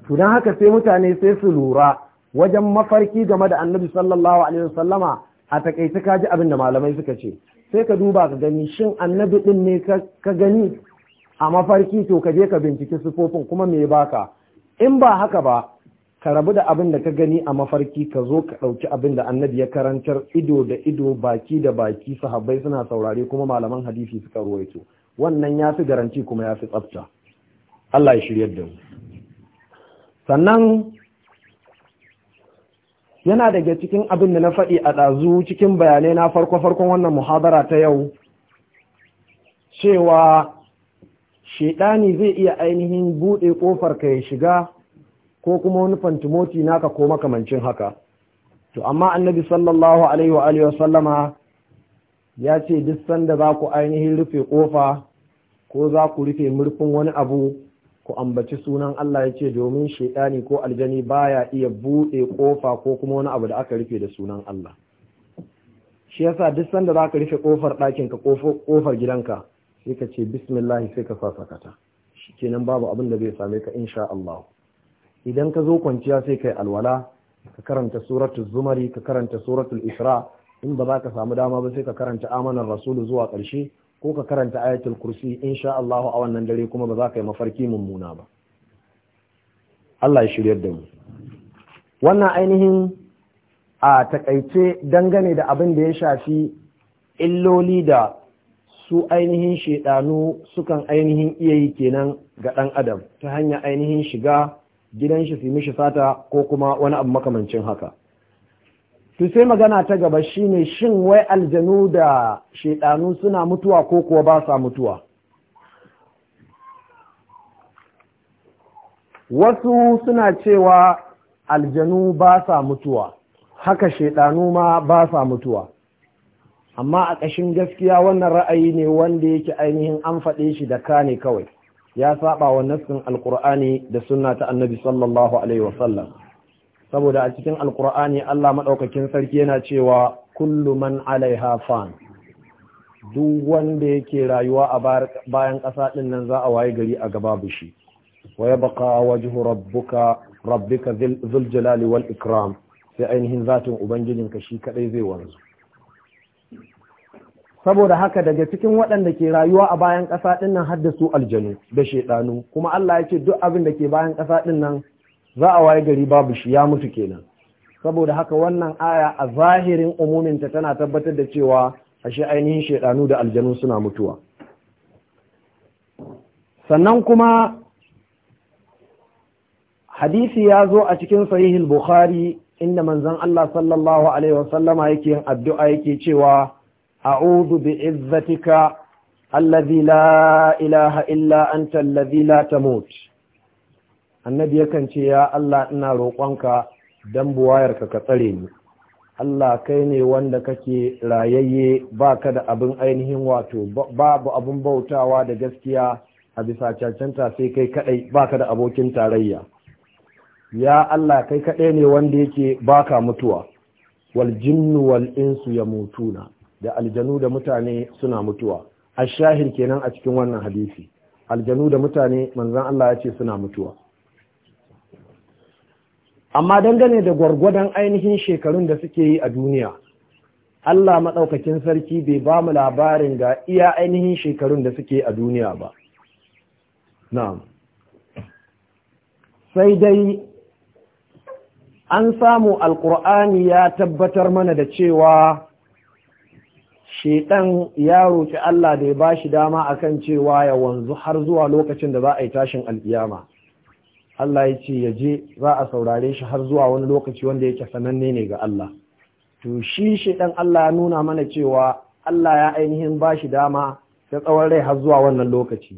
to dan haka sai mutane sai su lura wajen mafarki game da Annabi sallallahu alaihi wasallama a takaice ka ji abin da malamai suka ce sai ka duba ka gani shin Annabi din ne ka gani a mafarki to ka je ka binciki sifofin kuma me baka in ba haka ba ka rabu da abin da ka gani a mafarki ka zo ka ɗauki abin da annabi ya karantar ido da ido baki da baki sahabbai suna saurare kuma malaman hadisi suka ruwaito wannan ya fi garanti kuma ya fi tsafta Allah ya shirya da mu sannan yana daga cikin abin da na faɗi a ɗazu cikin bayanai na farko-farkon wannan muhabara ta yau cewa shaidani zai iya ainihin buɗe ƙofar ka ya shiga ko kuma wani fantimoti naka ko makamancin haka to amma annabi sallallahu alaihi wa alihi wasallama ya ce duk sanda za ku ainihin rufe kofa ko za ku rufe murfin wani abu ku ambaci sunan Allah ya ce domin shaidani ko aljani baya iya buɗe ƙofa ko kuma wani abu da aka rufe da sunan Allah shi yasa duk sanda za ka rufe kofar ɗakinka kofar gidanka sai ka ce bismillah sai ka sa sakata kenan babu abin da zai same ka insha Allah idan ka zo kwanciya sai kai alwala ka karanta suratul zumari ka karanta suratul isra in ba za ka samu dama ba sai ka karanta amanar rasulu zuwa ƙarshe ko ka karanta ayatul kursi insha Allah a wannan dare kuma ba za ka yi mafarki mummuna ba Allah ya shiryar da mu wannan ainihin a takaice dangane da abin da ya shafi illoli da su ainihin shedanu sukan ainihin iya yi kenan ga ɗan adam ta hanyar ainihin shiga gidan shi su mishi sata ko kuma wani abu makamancin haka su sai magana ta gaba shine shin wai aljanu da shaidanu suna mutuwa ko kuwa ba sa mutuwa wasu suna cewa aljanu ba sa mutuwa haka shaidanu ma ba sa mutuwa amma a ƙashin gaskiya wannan ra'ayi ne wanda yake ainihin an faɗe shi da ne kawai ya saba wa nassin alqur'ani da sunna ta annabi sallallahu alaihi wasallam saboda a cikin alqur'ani Allah madaukakin sarki yana cewa kullu man alaiha fan duk wanda yake rayuwa a bayan ƙasa din nan za a waye gari a gaba bushi wa yabqa wajhu rabbuka rabbika dhul jalali wal ikram sai ainihin zatin ubangijinka shi kadai zai wanzu saboda haka daga cikin waɗanda ke rayuwa a bayan ƙasa ɗin nan su aljanu da shaiɗanu kuma Allah ya ce duk abin da ke bayan ƙasa ɗin nan za a waye gari babu shi ya mutu kenan saboda haka wannan aya a zahirin umuminta tana tabbatar da cewa ashe ainihin shaiɗanu da aljanu suna mutuwa sannan kuma hadisi ya zo a cikin sahihul bukhari inda manzon Allah sallallahu alaihi wasallama yake yin addu'a yake cewa A أعوذ بعزتك الذي لا إله إلا أنت الذي لا تموت النبي يكن يا الله إنا buwayarka ka tsare ni. Allah kai ne wanda kake rayayye ba ka da abin ainihin wato babu abin bautawa da gaskiya a bisa cancanta sai kai kadai ba ka da abokin tarayya ya Allah kai kaɗai ne wanda yake baka mutuwa wal jinnu wal insu yamutuna da aljanu da mutane suna mutuwa ashahir kenan a cikin wannan hadisi aljanu da mutane manzon Allah ya ce suna mutuwa amma dangane da gwargwadon ainihin shekarun da suke yi a duniya Allah maɗaukakin sarki bai ba mu labarin ga iya ainihin shekarun da suke a duniya ba na'am sai dai an samu alkur'ani ya tabbatar mana da cewa shedan ya roki Allah da ya bashi dama akan cewa ya wanzu har zuwa lokacin da za a yi tashin alkiyama Allah ya ce ya je za a saurare shi har zuwa wani lokaci wanda yake sananne ne ga Allah to shi shedan Allah ya nuna mana cewa Allah ya ainihin bashi dama ta tsawon rai har zuwa wannan lokaci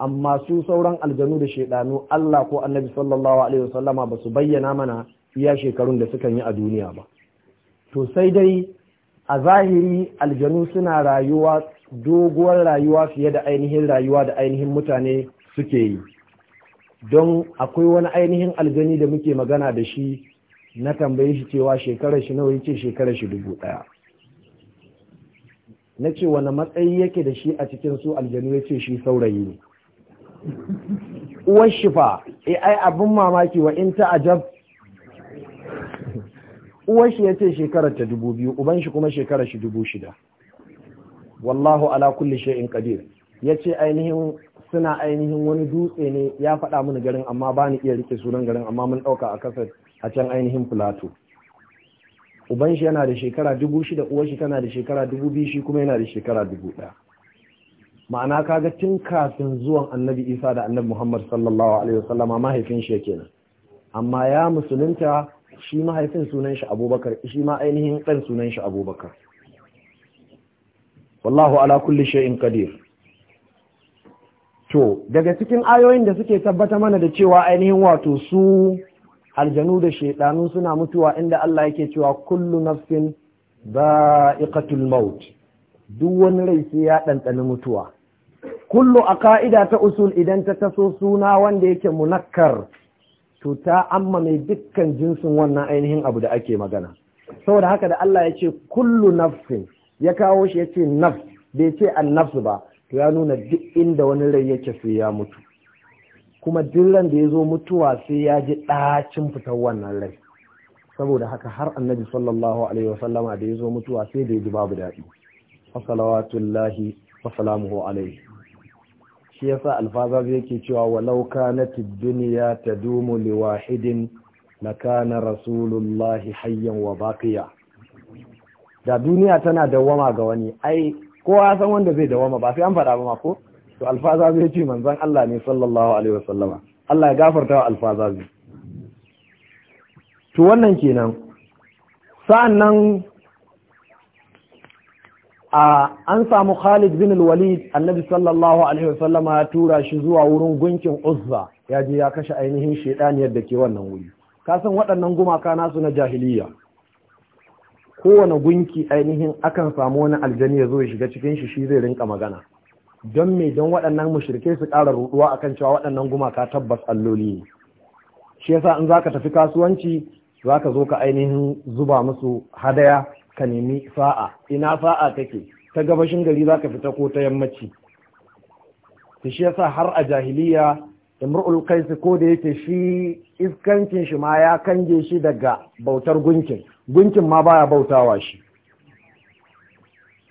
amma su sauran aljanu da shedanu Allah ko Annabi sallallahu alaihi wasallama ba su bayyana mana iya shekarun da sukan yi a duniya ba to sai dai a zahiri aljanu suna rayuwa doguwar rayuwa fiye da ainihin rayuwa da ainihin mutane suke yi don akwai wani ainihin aljani da muke magana da shi na tambaye shi cewa shekarar shi nawa ce shekarar shi dubu ɗaya. na ce wani matsayi yake da shi a cikin su aljanu ya ce shi saurayi ne uwar shifa eh, ai abin mamaki wa in ajab uwar shi ce shekarar ta dubu biyu uban shi kuma shekarar shi dubu shida wallahu ala kulli shay'in qadir yace ainihin suna ainihin wani dutse ne ya faɗa mini garin amma ba ni iya rike sunan garin amma mun ɗauka a kasar a can ainihin plateau uban shi yana da shekara dubu shida uwar shi tana da shekara dubu biyu shi kuma yana da shekara dubu ɗaya ma'ana kaga tun kafin zuwan annabi isa da annabi muhammad sallallahu alaihi wasallama mahaifin shi kenan amma ya musulunta shi mahaifin sunan shi abubakar shi ma ainihin ɗan sunan shi abubakar wallahu ala kulli shay'in qadir to daga cikin ayoyin da suke tabbata mana da cewa ainihin wato su aljanu da shaytanu suna mutuwa inda Allah yake cewa kullu nafsin ba'iqatul maut duk wani rai sai ya ɗanɗani mutuwa kullu a ka'ida ta usul idan ta taso suna wanda yake munakkar to ta amma mai dukkan jinsin wannan ainihin abu da ake magana saboda haka da Allah ya ce kullu nafsin ya kawo shi ya ce nafs bai ce annafsu ba to ya nuna duk inda wani rai yake sai ya mutu kuma duk ran da ya zo mutuwa sai ya ji ɗacin fitar wannan rai saboda haka har annabi sallallahu alaihi wasallama da ya zo mutuwa sai da ya ji babu daɗi wa salawatullahi alaihi shi yasa zai yake cewa walau ta ad-dunya hidin na wahidin lakana rasulullahi hayyan wa baqiya da duniya tana dawama ga wani ai kowa san wanda zai dawama ba sai an faɗa ba ma ko to alfaza zai ce manzon Allah ne sallallahu alaihi wasallama Allah ya gafarta wa alfaza zai to wannan kenan sa'annan an samu Khalid bin Walid annabi sallallahu alaihi wasallama ya tura shi zuwa wurin gunkin Uzza ya je ya kashe ainihin shedaniyar da ke wannan wuri ka san waɗannan gumaka nasu na jahiliya kowane gunki ainihin akan samu wani aljani ya zo ya shiga cikin shi shi zai rinka magana don me don waɗannan mushrike su ƙara ruɗuwa akan cewa waɗannan gumaka tabbas alloli ne shi yasa in zaka tafi kasuwanci zaka zo ka ainihin zuba musu hadaya ka nemi fa'a ina fa'a take ta gabashin gari za ka fita ko ta yammaci ta shi yasa har a jahiliya kai su, ko da yake shi iskancin shi ma ya kange shi daga bautar gunkin gunkin ma baya bautawa shi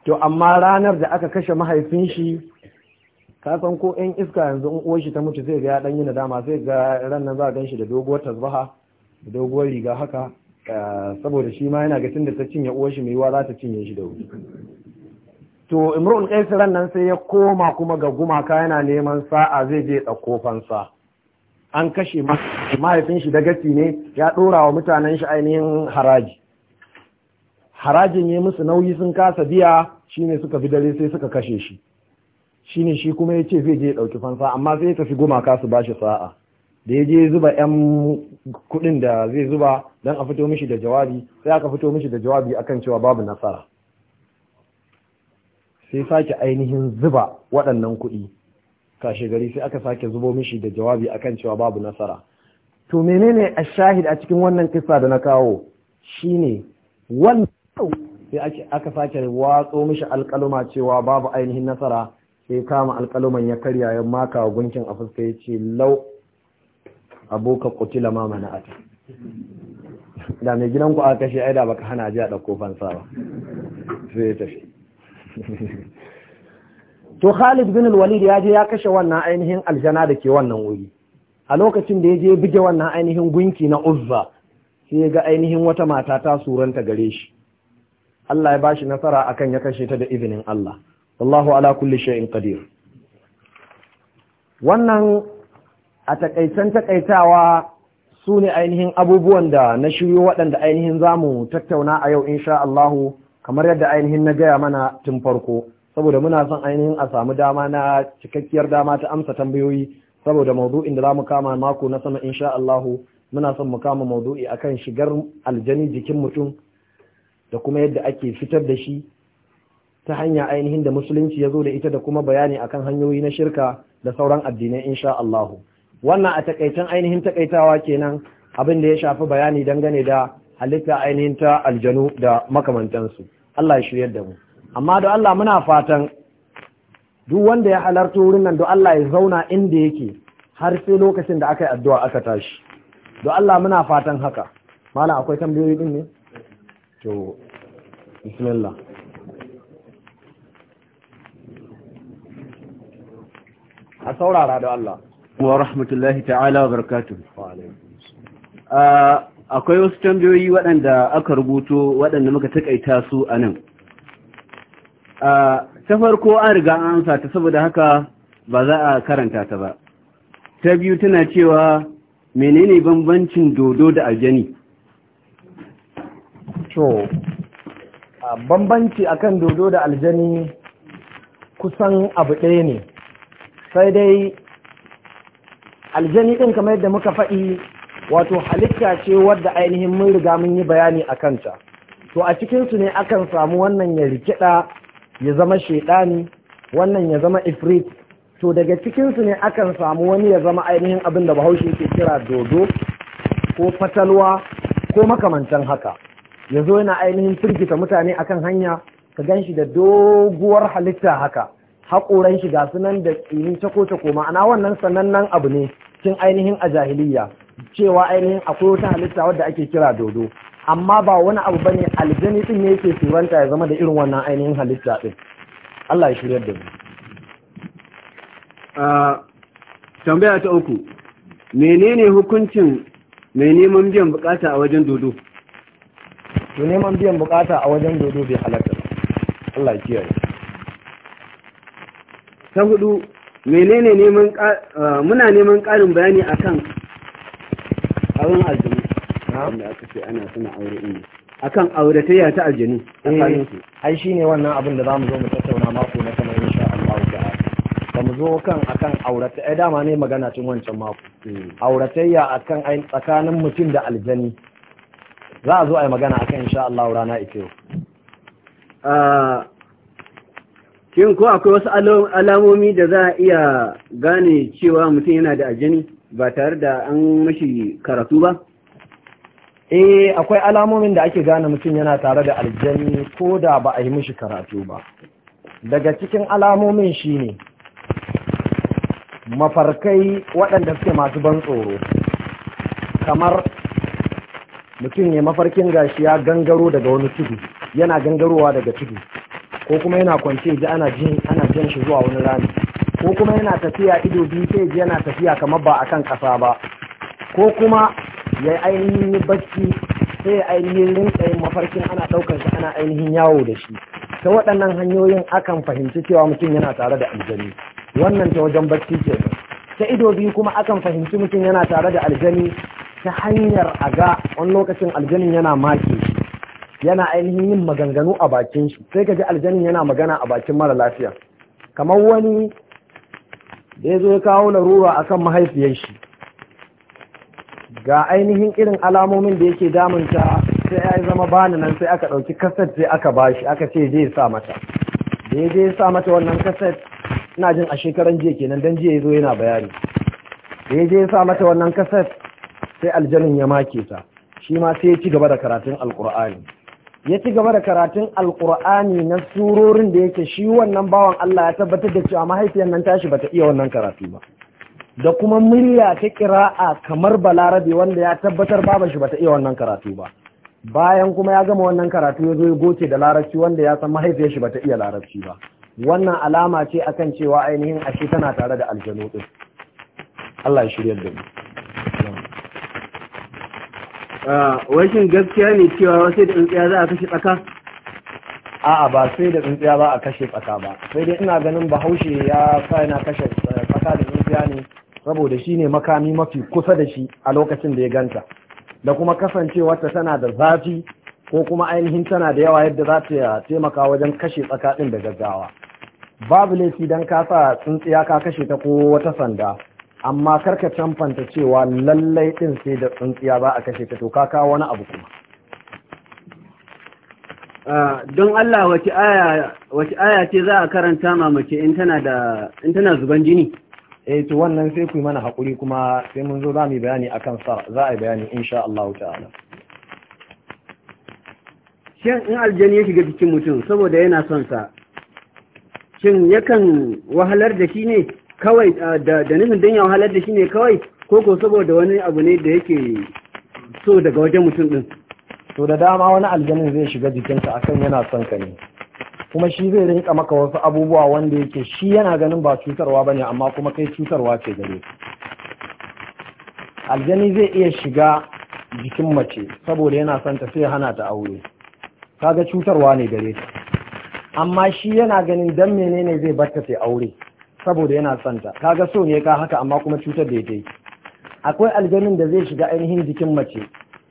to amma ranar da aka kashe mahaifin shi ka san ko yan iska yanzu in uwar shi ta mutu zai ga ya dan yi nadama sai ga ran nan za gan shi da doguwar tasbaha da doguwar riga haka Eh, saboda shi ma yana ga tunda ta cinye uwar shi mai za ta cinye shi da wuri to imrul qais nan sai ya koma kuma ga gumaka yana neman sa'a zai je dauko fansa an kashe mahaifin shi da gaci ne ya ɗora wa mutanen shi ainihin haraji harajin ya musu nauyi sun kasa biya shine suka bi dare sai suka kashe shi shine shi kuma ya ce zai je ya ɗauki fansa amma sai ya tafi gumaka su ba shi sa'a da ya je zuba yan kuɗin da zai zuba don a fito mishi da jawabi sai aka fito mishi da jawabi akan cewa babu nasara sai sake ainihin zuba waɗannan kuɗi kashe gari sai aka sake zubo mishi da jawabi akan cewa babu nasara to menene a shahid a cikin wannan kisa da na kawo shine wannan sai aka sake watso mishi alkaloma cewa babu ainihin nasara sai kama alkaloman ya karya ya maka gunkin a fuska ya ce lau abokan kutila ma mana ake da mai gidan ku aka kashe aida baka hana ji a ɗauko fansa ba sai ya tafi to Khalid bin walid ya je ya kashe wannan ainihin aljana da ke wannan wuri a lokacin da ya je buge wannan ainihin gunki na Uzza sai ya ga ainihin wata mata ta suranta gare shi Allah ya bashi nasara akan ya kashe ta da izinin Allah wallahu ala kulli shay'in qadir wannan a takaitan takaitawa su ne ainihin abubuwan da na shiryo waɗanda ainihin za mu tattauna a yau insha Allahu kamar yadda ainihin na gaya mana tun farko saboda muna son ainihin a samu dama na cikakkiyar dama ta amsa tambayoyi saboda maudu'in da za mu kama mako na sama insha Allahu muna son mu kama maudu'i akan shigar aljani jikin mutum da kuma yadda ake fitar da shi ta hanya ainihin da musulunci ya zo da ita da kuma bayani akan hanyoyi na shirka da sauran addinai insha Allahu. wannan a takaitan ainihin takaitawa kenan abin da ya shafi bayani dangane da halitta ainihin ta aljanu da makamantansu Allah ya shiryar da mu amma da Allah muna fatan duk wanda ya halarta wurin nan da Allah ya zauna inda yake har sai lokacin da aka yi addu'a aka tashi da Allah muna fatan haka malam akwai tambayoyi din ne to bismillah a saurara da Allah wa rahmatullahi ta'ala wa barakatuhu akwai wasu tambayoyi waɗanda aka rubuto waɗanda muka takaita su a nan ta farko an riga an ta saboda haka ba za a karanta ta ba ta biyu tana cewa menene bambancin dodo da aljani to bambanci akan dodo da aljani kusan abu ɗaya ne sai dai aljani ɗin kamar yadda muka faɗi wato halitta ce wadda ainihin mun riga mun yi bayani a kanta to a cikinsu ne akan samu wannan ya rikida ya zama shaidani wannan ya zama ifrit to daga cikinsu ne akan samu wani ya zama ainihin abin da bahaushe ke kira dodo ko fatalwa ko makamantan haka ya zo yana ainihin firgita mutane akan hanya ka gan shi da doguwar halitta haka haƙoran shi ga sunan da tsinin cako-cako ma'ana wannan sanannen abu ne cikin ainihin a jahiliya cewa ainihin akwai wata halitta wadda ake kira dodo amma ba wani abu bane aljani din ne yake turanta ya zama da irin wannan ainihin halitta din Allah ya shirya da mu a tambaya ta uku menene hukuncin mai neman biyan bukata a wajen dodo to neman biyan bukata a wajen dodo bai halatta Allah ya kiyaye ta hudu menene neman ah, muna neman ƙarin bayani akan abin aljini wanda aka ce ana suna aure ne akan auratayya ta aljanu eh, ai shine wannan abin da zamu zo mu tattauna mako na kamar insha Allah ta'ala ba mu zo kan akan aurata ai dama ne magana tun wancan mako hmm. auratayya akan ai tsakanin mutum da aljani za a zo ai magana akan insha Allah rana ita yau ah, kin ko akwai wasu alamomi da za a iya gane cewa mutum yana da aljani ba tare da an mashi karatu ba eh akwai alamomin da ake gane mutum yana tare da aljani ko da ba a yi mashi karatu ba daga cikin alamomin shi ne mafarkai waɗanda suke masu ban tsoro kamar mutum ne mafarkin gashi ya gangaro daga wani tudu yana gangarowa daga tudu ko kuma yana kwance ji ana jin ana jan shi zuwa wani rami ko kuma yana tafiya ido biyu sai ji yana tafiya kamar ba akan kasa ba ko kuma ya ainihin bacci sai ainihin rinka yin mafarkin ana ɗaukar shi ana ainihin yawo da shi ta waɗannan hanyoyin akan fahimci cewa mutum yana tare da aljani wannan ta wajen bacci ce ta ido biyu kuma akan fahimci mutum yana tare da aljani ta hanyar a ga wani lokacin aljanin yana make shi yana ainihin yin maganganu a bakin shi sai ka ji aljanin yana magana a bakin mara lafiya kamar wani da ya zo ya kawo larura a kan mahaifiyar shi ga ainihin irin alamomin da yake damunta sai ya zama bani nan sai aka ɗauki kaset sai aka bashi aka ce zai sa mata da ya zai sa mata wannan kaset ina jin a shekaran jiya kenan dan jiya ya zo yana bayani da ya zai sa mata wannan kaset sai aljanin ya make ta shi ma sai ya ci gaba da karatun alkur'ani ya ci gaba da karatun alkur'ani na surorin da yake shi wannan bawan Allah ya tabbatar da cewa mahaifiyar nan tashi bata iya wannan karatu ba da kuma murya ta kira'a kamar balarabe wanda ya tabbatar baban shi bata iya wannan karatu ba bayan kuma ya gama wannan karatu ya zo ya goce da larabci wanda ya san mahaifiyar shi bata iya larabci ba wannan alama ce akan cewa ainihin ashe tana tare da aljanu din Allah ya shirya da mu Ah, wakin gaskiya ne cewa wasu da tsuntsiya za a kashe tsaka a'a ba sai da tsuntsiya ba a kashe tsaka ba sai dai ina ganin bahaushe ya sa yana kashe eh, tsaka da tsuntsiya ne saboda shi ne makami mafi kusa da shi a lokacin da ya ganta da kuma kasancewarta tana da zafi ko kuma ainihin tana da yawa yadda za ta taimaka wajen kashe tsaka ɗin da gaggawa babu laifi don ka sa tsuntsiya ka kashe ta ko wata sanda amma karka canfanta cewa lallai ɗin sai da tsuntsiya ba a kashe ta to kaka wani abu kuma ah, don Allah wace aya ce za a karanta ma mace in tana zuban jini eh to wannan sai ku mana haƙuri kuma sai mun zo za mu yi bayani akan sa za a yi bayani insha Allah ta'ala shin in aljani ya shiga cikin mutum saboda yana son sa shin yakan wahalar da shi ne kawai ah, da nufin don yawon halar da shi ne kawai ko ko saboda wani abu ne da yake so daga wajen mutum ɗin to da dama wani aljanin zai shiga jikinsa akan yana son ka ne kuma shi zai rinka maka wasu abubuwa wanda yake shi yana ganin ba cutarwa bane amma kuma kai cutarwa ce gare aljani zai iya shiga jikin mace saboda yana son ta sai hana ta aure kaga cutarwa ne gare ta amma shi yana ganin dan menene zai barta sai aure saboda yana santa kaga so ne ka haka amma kuma cutar da yake akwai aljanin da zai shiga ainihin jikin mace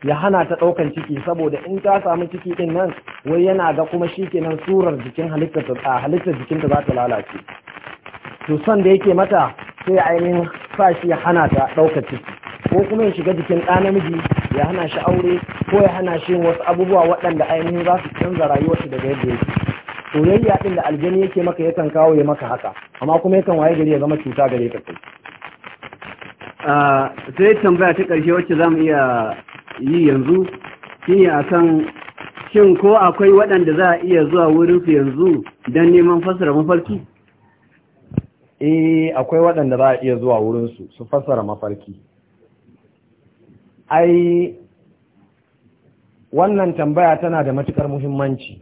ya hana ta ɗaukan ciki saboda in ta samu ciki din nan wai yana ga kuma shi kenan surar jikin halittar halittar jikinta za ta lalace to son da yake mata sai ainihin sa shi ya hana ta ɗaukar ciki ko kuma ya shiga jikin ɗa namiji ya hana shi aure ko ya hana shi wasu abubuwa waɗanda ainihin za su canza rayuwarsu daga yadda yake soyayya din da aljani yake maka yakan kawo ya maka haka amma kuma yakan waye gari ya zama cuta gare ka kai sai tambaya ta ƙarshe wacce za mu iya yi yanzu shine akan shin ko akwai waɗanda za a iya zuwa wurin su yanzu don neman fassara mafarki eh akwai waɗanda za a iya zuwa wurin su su fassara mafarki ai wannan tambaya tana da matukar muhimmanci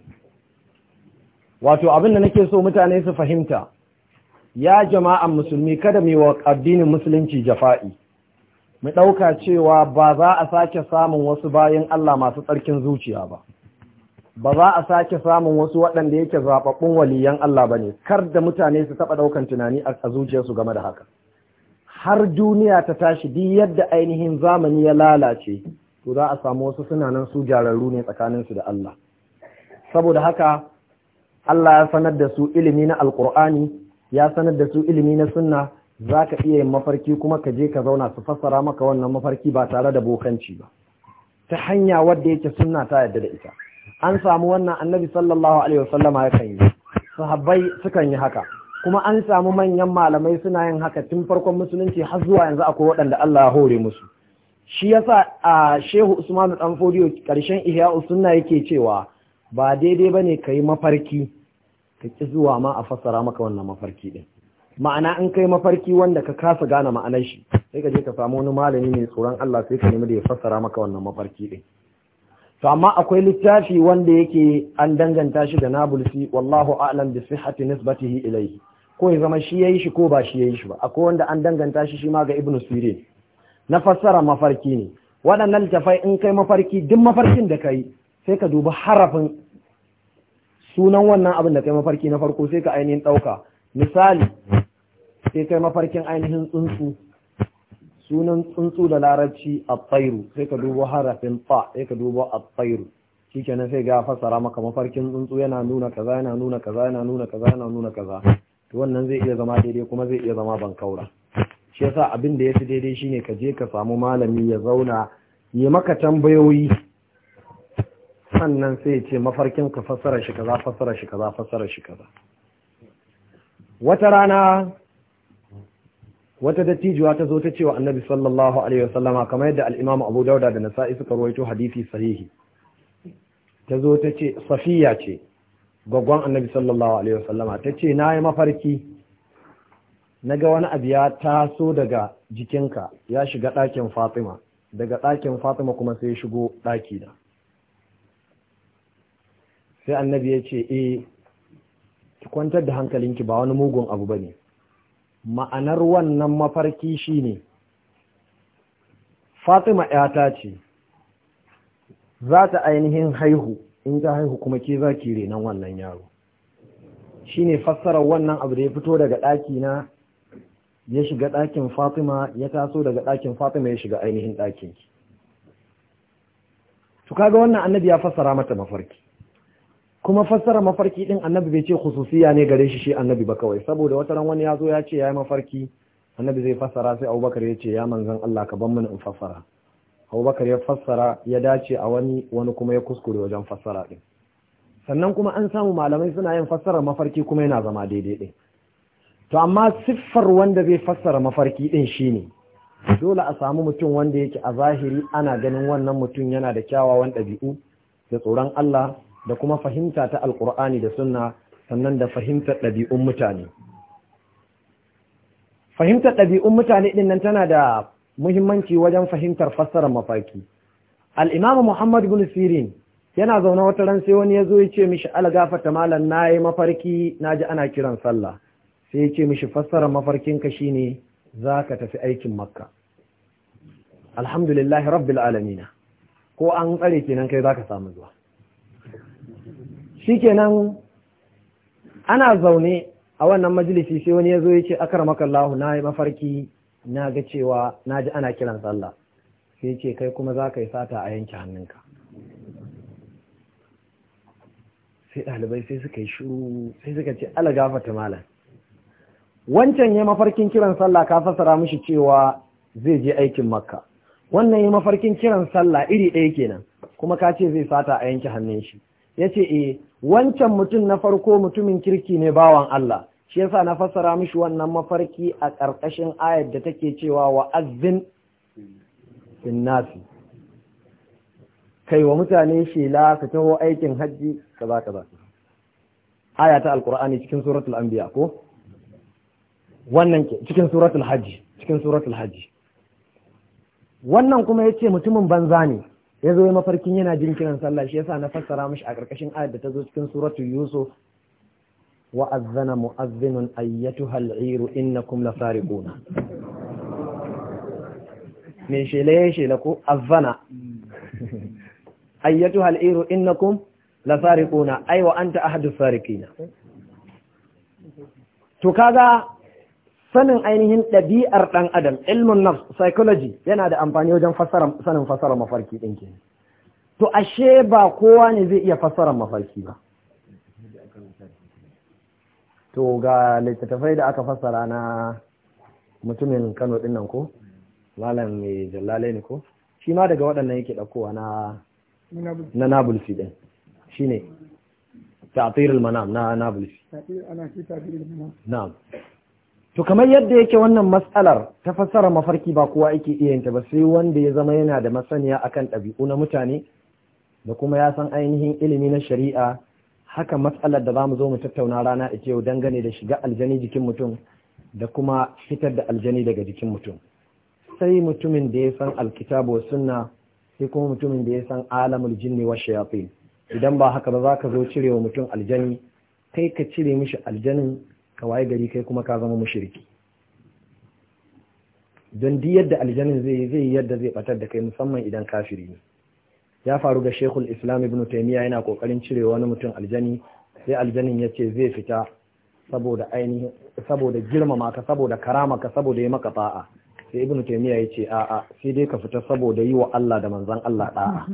wato abin da nake so mutane su fahimta ya jama'an musulmi kada mai wa addinin musulunci jafa'i mu ɗauka cewa ba za a sake samun wasu bayan Allah masu tsarkin zuciya ba ba za a sake samun wasu waɗanda yake zaɓaɓɓun waliyan Allah ba ne kar da mutane su taɓa ɗaukan tunani a zuciyarsu game da haka har duniya ta tashi duk yadda ainihin zamani ya lalace to za a samu wasu suna nan su jararru ne tsakaninsu da Allah saboda haka Allah ya sanar da su ilimi na alkur'ani ya sanar da su ilimi na sunna za ka iya yin mafarki kuma ka je ka zauna su fassara maka wannan mafarki ba tare da bokanci ba ta hanya wadda yake sunna ta yadda da ita an samu wannan annabi sallallahu alaihi wasallama ya kan yi sahabbai sukan yi haka kuma an samu manyan malamai suna yin haka tun farkon musulunci har zuwa yanzu akwai waɗanda Allah ya hore musu shi yasa a shehu usmanu Danfodiyo ƙarshen karshen Usunna sunna yake cewa ba daidai ba ne ka yi mafarki ka ƙi zuwa ma a fassara maka wannan mafarki ɗin ma'ana in ka yi mafarki wanda ka kasa gane ma'anar shi sai ka je ka samu wani malami mai tsoron Allah sai ka nemi da ya fassara maka wannan mafarki ɗin to amma akwai littafi wanda yake an danganta shi da nabulsi wallahu a'lam bi sihhati nisbatihi ilayhi ko ya zama shi yayi shi ko ba shi yayi shi ba akwai wanda an danganta shi shi ma ga ibnu sirin na fassara mafarki ne waɗannan littafai in kai mafarki duk mafarkin da kai sai ka dubi harafin sunan wannan abin da kai mafarki na farko sai ka ainihin ɗauka misali sai kai mafarkin ainihin tsuntsu sunan tsuntsu da larabci a tsairu sai ka dubo harafin fa sai ka dubo a tsairu shi kenan sai ga fasara maka mafarkin tsuntsu yana nuna kaza yana nuna kaza yana nuna kaza yana nuna kaza to wannan zai iya zama daidai kuma zai iya zama bankaura shi yasa abin da ya fi daidai shine ka je ka samu malami ya zauna ya maka tambayoyi sannan sai ce mafarkin ka fassara shi kaza fassara shi kaza fassara shi kaza wata rana wata dattijuwa ta zo ta ce wa annabi sallallahu alaihi wasallama kamar yadda al-imam abu dauda da nasa'i suka rawaito hadisi sahihi ta zo ta ce safiya ce gwaggon annabi sallallahu alaihi wasallama ta ce na yi mafarki na ga wani abu ya taso daga jikinka ya shiga ɗakin fatima daga ɗakin fatima kuma sai ya shigo ɗaki na sai annabi ya ce eh ki kwantar da hankalinki ba wani mugun abu bane ma'anar wannan mafarki shine Fatima yata ce za ta ainihin haihu in ta haihu kuma ke za ki renan wannan yaro shine fassarar wannan abu da ya fito daga ɗaki na ya shiga ɗakin Fatima ya taso daga ɗakin Fatima ya shiga ainihin ɗakin ki to kaga wannan annabi ya fassara mata mafarki kuma fassara mafarki din annabi bai ce khususiya ne gare shi shi annabi ba kawai saboda wata ran wani ya zo ya ce ya yi mafarki annabi zai fassara sai abubakar ya ce ya manzan Allah ka ban mana in fassara abubakar ya fassara ya dace a wani wani kuma ya kuskure wajen fassara din sannan kuma an samu malamai suna yin fassarar mafarki kuma yana zama daidai din to amma siffar wanda zai fassara mafarki din shine dole a samu mutum wanda yake a zahiri ana ganin wannan mutum yana da kyawawan ɗabi'u da tsoron Allah da kuma fahimta ta alkur'ani da sunna sannan da fahimtar ɗabi'un mutane fahimtar ɗabi'un mutane ɗin nan tana da muhimmanci wajen fahimtar fassarar mafaki alimamu muhammad bin sirin yana zaune wata ran sai wani ya zo ya ce mishi algafata malam na yi mafarki na ji ana kiran sallah sai ya ce mishi fassarar mafarkinka shine za ka tafi aikin makka alhamdulillahi rabbil alamina ko an tsare kenan kai za ka samu zuwa shikenan ana zaune a wannan majalisi sai wani ya zo ya ce akramakallahu na yi mafarki na ga cewa na ji ana kiran sallah sai ce kai kuma za ka yi sata a yanke hannunka sai ɗalibai sai suka yi shuru sai suka ce ala gafata malam wancan ya mafarkin kiran sallah ka fassara mishi cewa zai je aikin makka wannan ya mafarkin kiran sallah iri ɗaya kenan kuma ka ce zai sata a yanke hannun shi ya ce eh wancan mutum na farko mutumin kirki ne bawan Allah shi yasa na fassara mishi wannan mafarki a ƙarƙashin ayar da take cewa wa azzin sinnasi kai wa mutane shela ka taho aikin hajji ka ba aya ta alqur'ani cikin suratul anbiya ko wannan ke cikin suratul hajji cikin suratul hajji wannan kuma yace mutumin banza ne ya zo mafarkin yana jin kiran sallah shi yasa na fassara mishi a ƙarƙashin ayat da ta zo cikin suratu yusuf wa azzana mu'azzinun ayyatuha al'iru innakum lasariquna me shela ya shela ko azzana ayyatuha al'iru innakum lasariquna ay wa anta ahadu sariqina to kaga sanin ainihin ɗabi'ar ɗan adam ilmin nafs psychology yana da amfani wajen fassara sanin fassara mafarki ɗin ke to ashe ba kowa ne zai iya fassara mafarki ba to ga littattafai da aka fassara na mutumin kano ɗin nan ko malam mai jallale ne ko shi ma daga waɗannan yake ɗaukowa na na nabulsi ɗin shi ne ta'atirul manam na nabulsi na'am to kamar yadda yake wannan matsalar ta fassara mafarki ba kowa yake iya ta, ba sai wanda ya zama yana da masaniya akan ɗabi'u na mutane da kuma ya san ainihin ilimi na shari'a haka matsalar da za mu zo mu tattauna rana ita yau dangane da shiga aljani jikin mutum da kuma fitar da aljani daga jikin mutum sai mutumin da ya san alkitabu sunna sai kuma mutumin da ya san alamul jinni wa shayatin idan ba haka ba za ka zo cirewa mutum aljani kai ka cire mishi aljanin ka waye gari kai kuma ka zama mushriki don di yadda aljanin zai yi zai yadda zai batar da kai musamman idan kafiri ne ya faru ga shekul islam ibn taimiya yana kokarin cire wani mutum aljani sai aljanin ya ce zai fita saboda ainihin saboda girmama ka saboda karama ka saboda yi maka fa'a sai ibn taimiyya ya ce a'a sai dai ka fita saboda yi wa Allah da manzon Allah da'a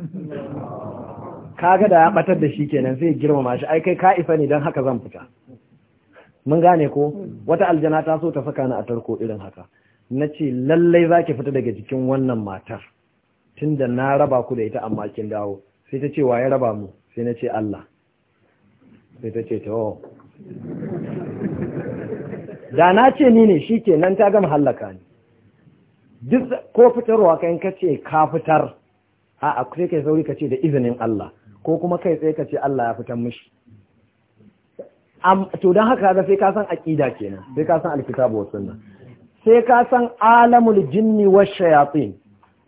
kaga da ya batar da shi kenan zai girmama shi ai kai ka isa ne dan haka zan fita mun gane ko hmm. wata aljana ta so ta saka ni a tarko irin haka na ce lallai za ki fita daga jikin wannan matar tunda na raba ku da ita amma kin dawo sai ta ce wa ya raba mu sai na ce Allah sai ta ce to da na ce ni ne shi ke nan ta gama hallaka ni duk ko fitarwa kai ka ce ka fitar a akwai kai sauri ka ce da izinin Allah ko kuma kai tsaye ka ce Allah ya fitar mishi to don haka da sai ka san aƙida kenan sai ka san alkitabu wa sunna sai ka san alamul jinni wa shayatin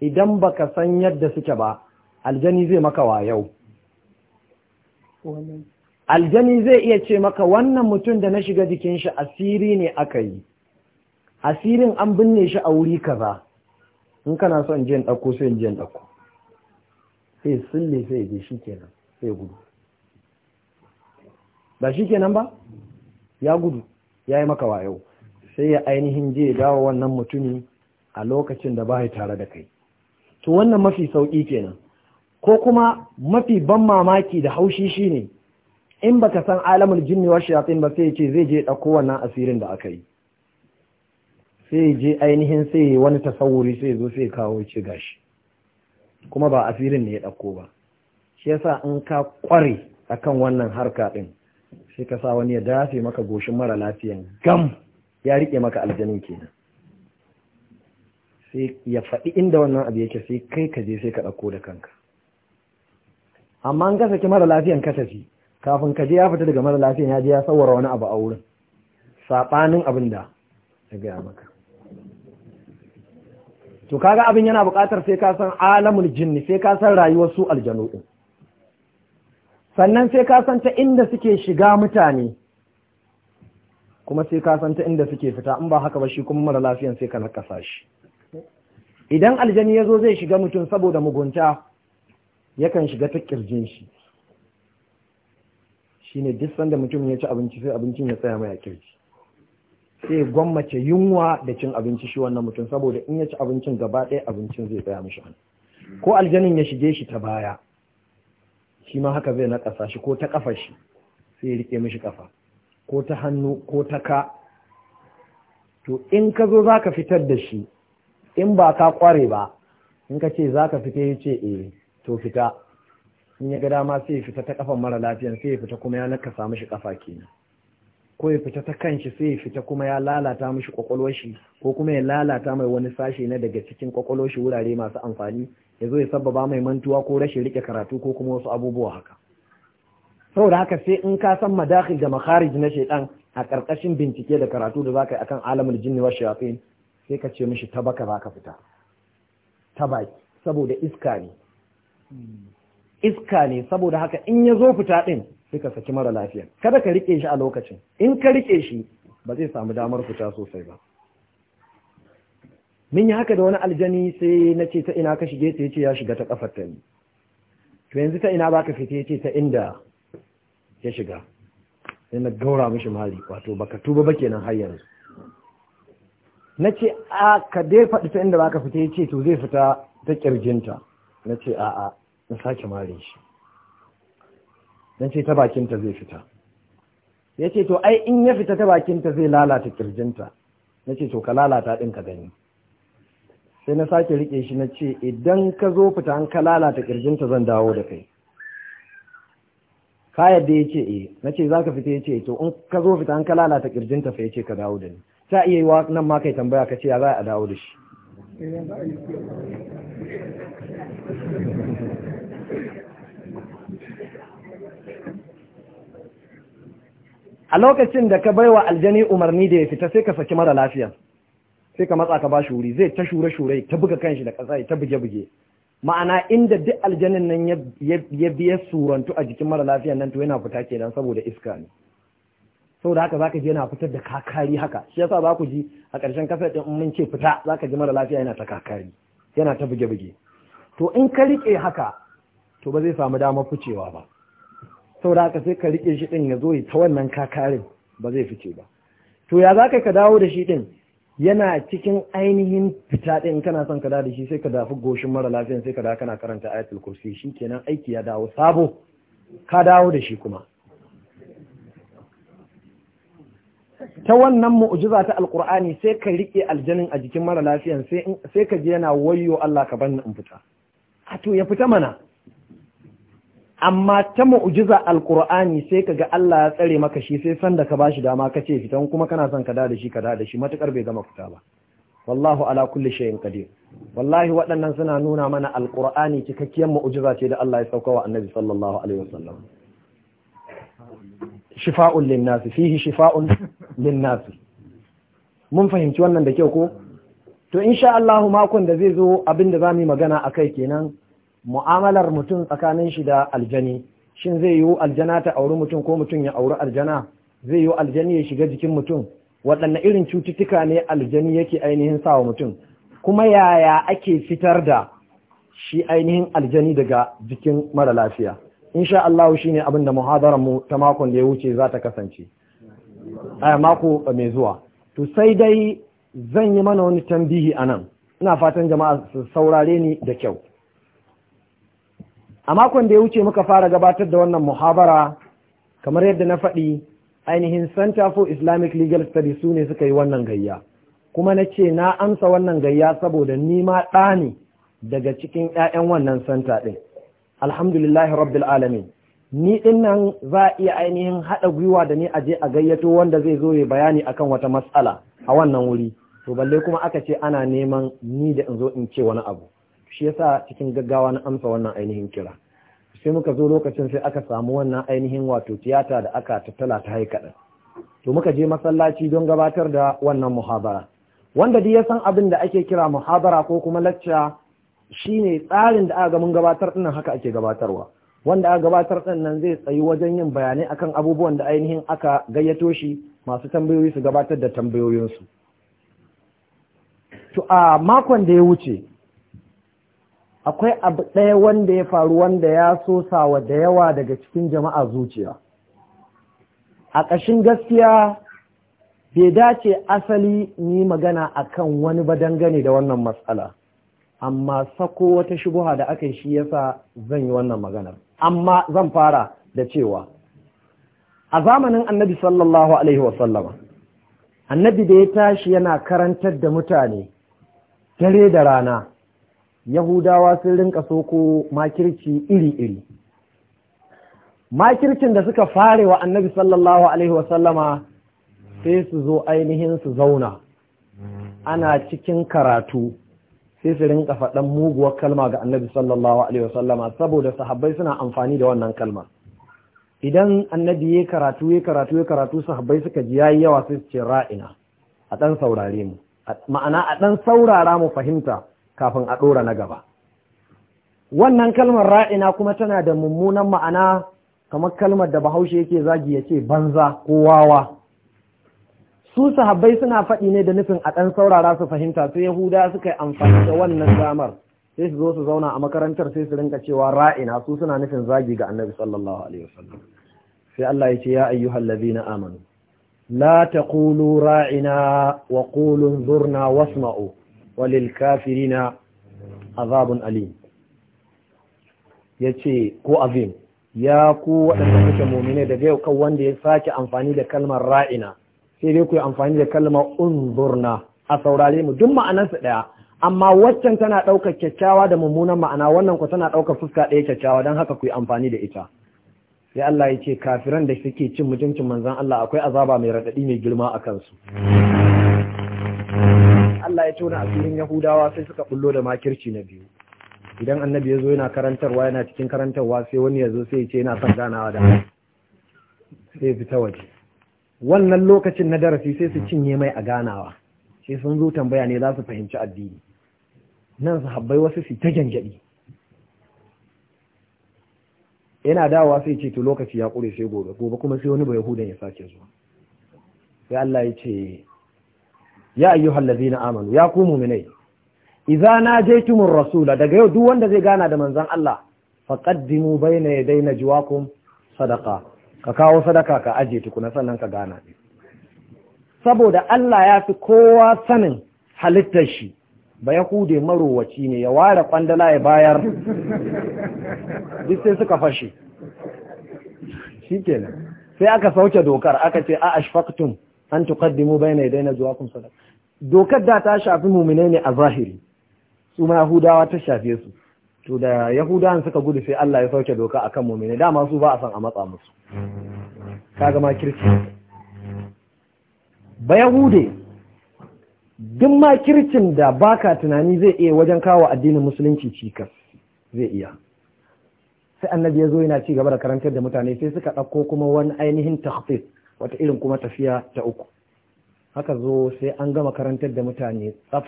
idan baka san yadda suke ba aljani zai maka wayau aljani zai iya ce maka wannan mutum da na shiga jikin shi asiri ne aka yi asirin an binne shi a wuri kaza in kana son in je sai in je sai sulle sai ya shi kenan sai gudu ba shi kenan ba ya gudu ya yi maka wayo sai ya ainihin je ya dawo wannan mutumi a lokacin da ba ya tare da kai to wannan mafi sauƙi kenan ko kuma mafi ban mamaki da haushi shi ne, in ba ka san alamar jinni wa shayatin ba sai ya ce zai je ɗauko wannan asirin da aka yi sai je ainihin sai wani tasawuri sai zo sai kawo ce gashi kuma ba asirin ne ya ɗauko ba shi yasa in ka ƙware akan wannan harka ɗin sai ka sa wani ya dafe maka goshin mara lafiyan gam ya rike maka aljanin kenan sai ya faɗi inda wannan abu yake sai kai ka je sai ka ɗauko da kanka amma an ki mara lafiyan tafi kafin ka je ya fita daga mara lafiyan ya je ya tsawara wani abu a wurin saɓanin abin da ya gaya maka to kaga abin yana buƙatar sai ka san alamul jinni sai ka san rayuwar su aljanu din sannan sai ka san ta inda suke shiga mutane kuma sai ka san ta inda suke fita in ba haka ba shi kuma mara lafiyan sai ka nakasa shi idan aljani ya zo zai shiga mutum saboda mugunta yakan shiga ta kirjin shi shine duk sanda mutum ya ci abinci sai abincin ya tsaya mai a kirji sai gwammace yunwa da cin abinci shi wannan mutum saboda in ya ci abincin gaba ɗaya abincin zai tsaya mishi ko aljanin ya shige shi ta baya shi ma haka zai nakasa shi ko ta kafa shi sai rike mishi kafa ko ta hannu ko ta ka to in ka zo za ka fitar da shi in ba ka kware ba in ka ce za ka fita ya ce eh to fita in ya ga dama sai ya fita ta kafan mara lafiyan sai ya fita kuma ya samu shi kafa kenan ko ya fita ta kanshi sai ya fita kuma ya lalata mishi kwakwalwar shi ko kuma ya lalata mai wani sashe na daga cikin kwakwalwar shi wurare masu amfani ya zo ya sabbaba mai mantuwa ko rashin rike karatu ko kuma wasu abubuwa haka saboda haka sai in ka san madakhil da makharij na shaitan a karkashin bincike da karatu da zaka yi akan alamul jinni wa shayatin sai ka ce mishi tabaka baka fita ta saboda iska ne iska ne saboda haka in ya zo fita ɗin suka saki mara lafiya kada ka riƙe shi a lokacin in ka riƙe shi ba zai samu damar fita sosai ba min yi haka da wani aljani sai na ce ta ina ka shige ta yace ya shiga ta kafar ta ni to yanzu ta ina baka fita yace ta inda ya shiga sai na gaura mishi mali wato baka tuba ba kenan har yanzu na ce a ka dai faɗi ta inda baka fita yace to zai fita ta kirjinta na ce a'a na sake mare shi don ce ta bakinta zai fita ya ce to ai in ya fita ta bakinta zai lalata kirjinta na ce to ka lalata din ka gani sai na sake riƙe shi na ce idan ka zo fita an ka lalata kirjinta zan dawo da kai ka yadda ya ce eh na ce za ka fita ya ce to in ka zo fita an ka lalata kirjinta fa ya ce ka dawo da ni ta iya yi wa nan ma kai tambaya ka ce ya za a dawo da shi a lokacin da ka baiwa aljani umarni da ya fita sai ka saki mara lafiya sai ka matsa ka ba shi zai ta shure shure ta buga kanshi da kasa ta buge buge ma'ana inda duk aljanin nan ya biya surantu a jikin mara lafiya nan to yana fita kenan saboda iska ne da haka zaka ji yana fitar da kakari haka shi yasa za ku ji a ƙarshen kasa din mun ce fita zaka ji mara lafiya yana ta kakari yana ta buge buge to in ka rike haka to ba zai samu damar ficewa ba saboda haka sai ka riƙe shi ɗin ya zo ta wannan kakarin ba zai fice ba to ya za ka dawo da shi ɗin yana cikin ainihin fita ɗin kana son ka dawo da shi sai ka dafi goshin mara lafiyan sai ka dawo kana karanta ayatul kursi shikenan aiki ya dawo sabo ka dawo da shi kuma ta wannan mu'jiza ta alkur'ani sai ka riƙe aljanin a jikin mara lafiyan sai ka je yana wayo Allah ka bani in fita a to ya fita mana amma ta mu'jiza alqur'ani sai kaga Allah ya tsare maka shi sai san da ka bashi dama kace fitan kuma kana son ka da shi ka da shi matukar bai gama fita ba wallahu ala kulli shay'in qadir wallahi waɗannan suna nuna mana alqur'ani cikakkiyar mu'jiza ce da Allah ya sauka wa annabi sallallahu alaihi wasallam shifa'un linnas fihi shifa'un linnas mun fahimci wannan da kyau ko to insha Allah makon da zai zo abinda zamu magana akai kenan mu'amalar mutum tsakanin shi da aljani shin zai yiwu aljana ta auri mutum ko mutum ya auri aljana zai yiwu aljani ya shiga jikin mutum waɗanne irin cututtuka ne aljani yake ainihin sawa mutum kuma yaya ake fitar da shi ainihin aljani daga jikin mara lafiya insha Allah shine abin da muhadaran mu ta makon da ya wuce za ta kasance a mako mai zuwa to sai dai zan yi mana wani tambihi anan ina fatan jama'a su saurare ni da kyau a makon da ya wuce muka fara gabatar da wannan muhabara kamar yadda na faɗi ainihin center for islamic legal studies su ne suka yi wannan gayya kuma na ce na amsa wannan gayya saboda nima ɗa ne daga cikin 'ya'yan wannan santa ɗin alhamdulillahi rabbil alamin ni ɗin nan za a iya ainihin haɗa gwiwa da ni a je a gayyato wanda zai zo ya bayani akan wata matsala a wannan wuri to balle kuma aka ce ana neman ni da in zo in ce wani abu shi yasa cikin gaggawa na amsa wannan ainihin kira sai muka zo lokacin sai aka samu wannan ainihin wato tiyata da aka tattala ta haikaɗa to muka je masallaci don gabatar da wannan muhabara wanda duk ya san abin da ake kira muhabara ko kuma lacca shine tsarin da aka ga mun gabatar dinnan haka ake gabatarwa wanda aka gabatar dinnan zai tsayi wajen yin bayanai akan abubuwan da ainihin aka gayyato shi masu tambayoyi su gabatar da tambayoyinsu to a makon da ya wuce akwai abu ɗaya wanda ya faru wanda ya sosa wa da yawa daga cikin jama'a zuciya a ƙashin gaskiya bai dace asali ni magana a kan wani ba dangane da wannan matsala amma sako wata shubuha da aka shi yasa zan yi wannan maganar amma zan fara da cewa a zamanin annabi sallallahu alaihi wasallama annabi da ya tashi yana karantar da mutane dare da rana yahudawa sun rinka soko makirci iri-iri makircin da suka fare wa annabi sallallahu alaihi wasallama sai su zo ainihin su zauna ana cikin karatu sai su rinka faɗan muguwar kalma ga annabi sallallahu alaihi wasallama saboda sahabbai suna amfani da wannan kalma idan annabi ya karatu ya karatu ya karatu sahabbai suka ji yayi yawa sai su ce ra'ina a ɗan saurare mu ma'ana a ɗan saurara mu fahimta kafin a ɗora na gaba wannan kalmar ra'ina kuma tana da mummunan ma'ana kamar kalmar da bahaushe yake zagi ya ce banza ko wawa su sahabbai suna faɗi ne da nufin a ɗan saurara su fahimta su yahuda suka yi amfani da wannan damar sai su zo su zauna a makarantar sai su rinka cewa ra'ina su suna nufin zagi ga annabi sallallahu alaihi wasallam sai Allah ya ce ya ayyuhal ladina amanu la taqulu ra'ina wa qulu zurna wasma'u walil kafirina azabun alim ce ko azim ya ku waɗanda kuke mummune da zai kan wanda ya sake amfani da kalmar ra'ina sai dai ku yi amfani da kalmar unzurna a saurare mu duk ma'anarsa ɗaya amma waccan tana ɗaukar kyakkyawa da mummunan ma'ana wannan ku tana ɗaukar fuska ɗaya kyakkyawa don haka ku yi amfani da ita sai Allah ya ce kafiran da suke cin mutuncin manzon Allah akwai azaba mai raɗaɗi mai girma a kansu Allah ya tona asirin Yahudawa sai suka bullo da makirci na biyu idan annabi ya zo yana karantarwa yana cikin karantarwa sai wani ya zo sai ya ce yana son ganawa da sai fita waje wannan lokacin na darasi sai su cinye mai a ganawa sai sun zo tambaya ne za su fahimci addini nan su habbai wasu su ta gyangyaɗi yana dawowa sai ce to lokaci ya ƙure sai gobe gobe kuma sai wani bai yahudan ya sake zuwa sai Allah ya ce ya ayyuhal ladina amanu ya ku mu'minai idza najaytumur rasula daga yau duk wanda zai gana da manzan Allah faqaddimu bayna yaday najwakum sadaqa ka kawo sadaka ka aje tukuna sannan ka gana saboda Allah ya fi kowa sanin halittar shi ba ya kude marowaci ne ya ware kwandala ya bayar duk sai suka fashe shi sai aka sauke dokar aka ce a ashfaqtum an tuqaddimu bayna yaday zuwakum sadaqa dokar da ta shafi muminai ne a zahiri su ma yahudawa ta shafe su to da yahudawan suka gudu sai Allah ya sauke doka akan muminai dama su ba a san a matsa musu kaga ma kirki ba yahude duk ma kirkin da baka tunani zai iya wajen kawo addinin musulunci cikas zai iya sai annabi ya zo yana ci gaba da karantar da mutane sai suka ɗauko kuma wani ainihin takhfif wata irin kuma tafiya ta uku Haka zo sai an gama karantar da mutane tsaf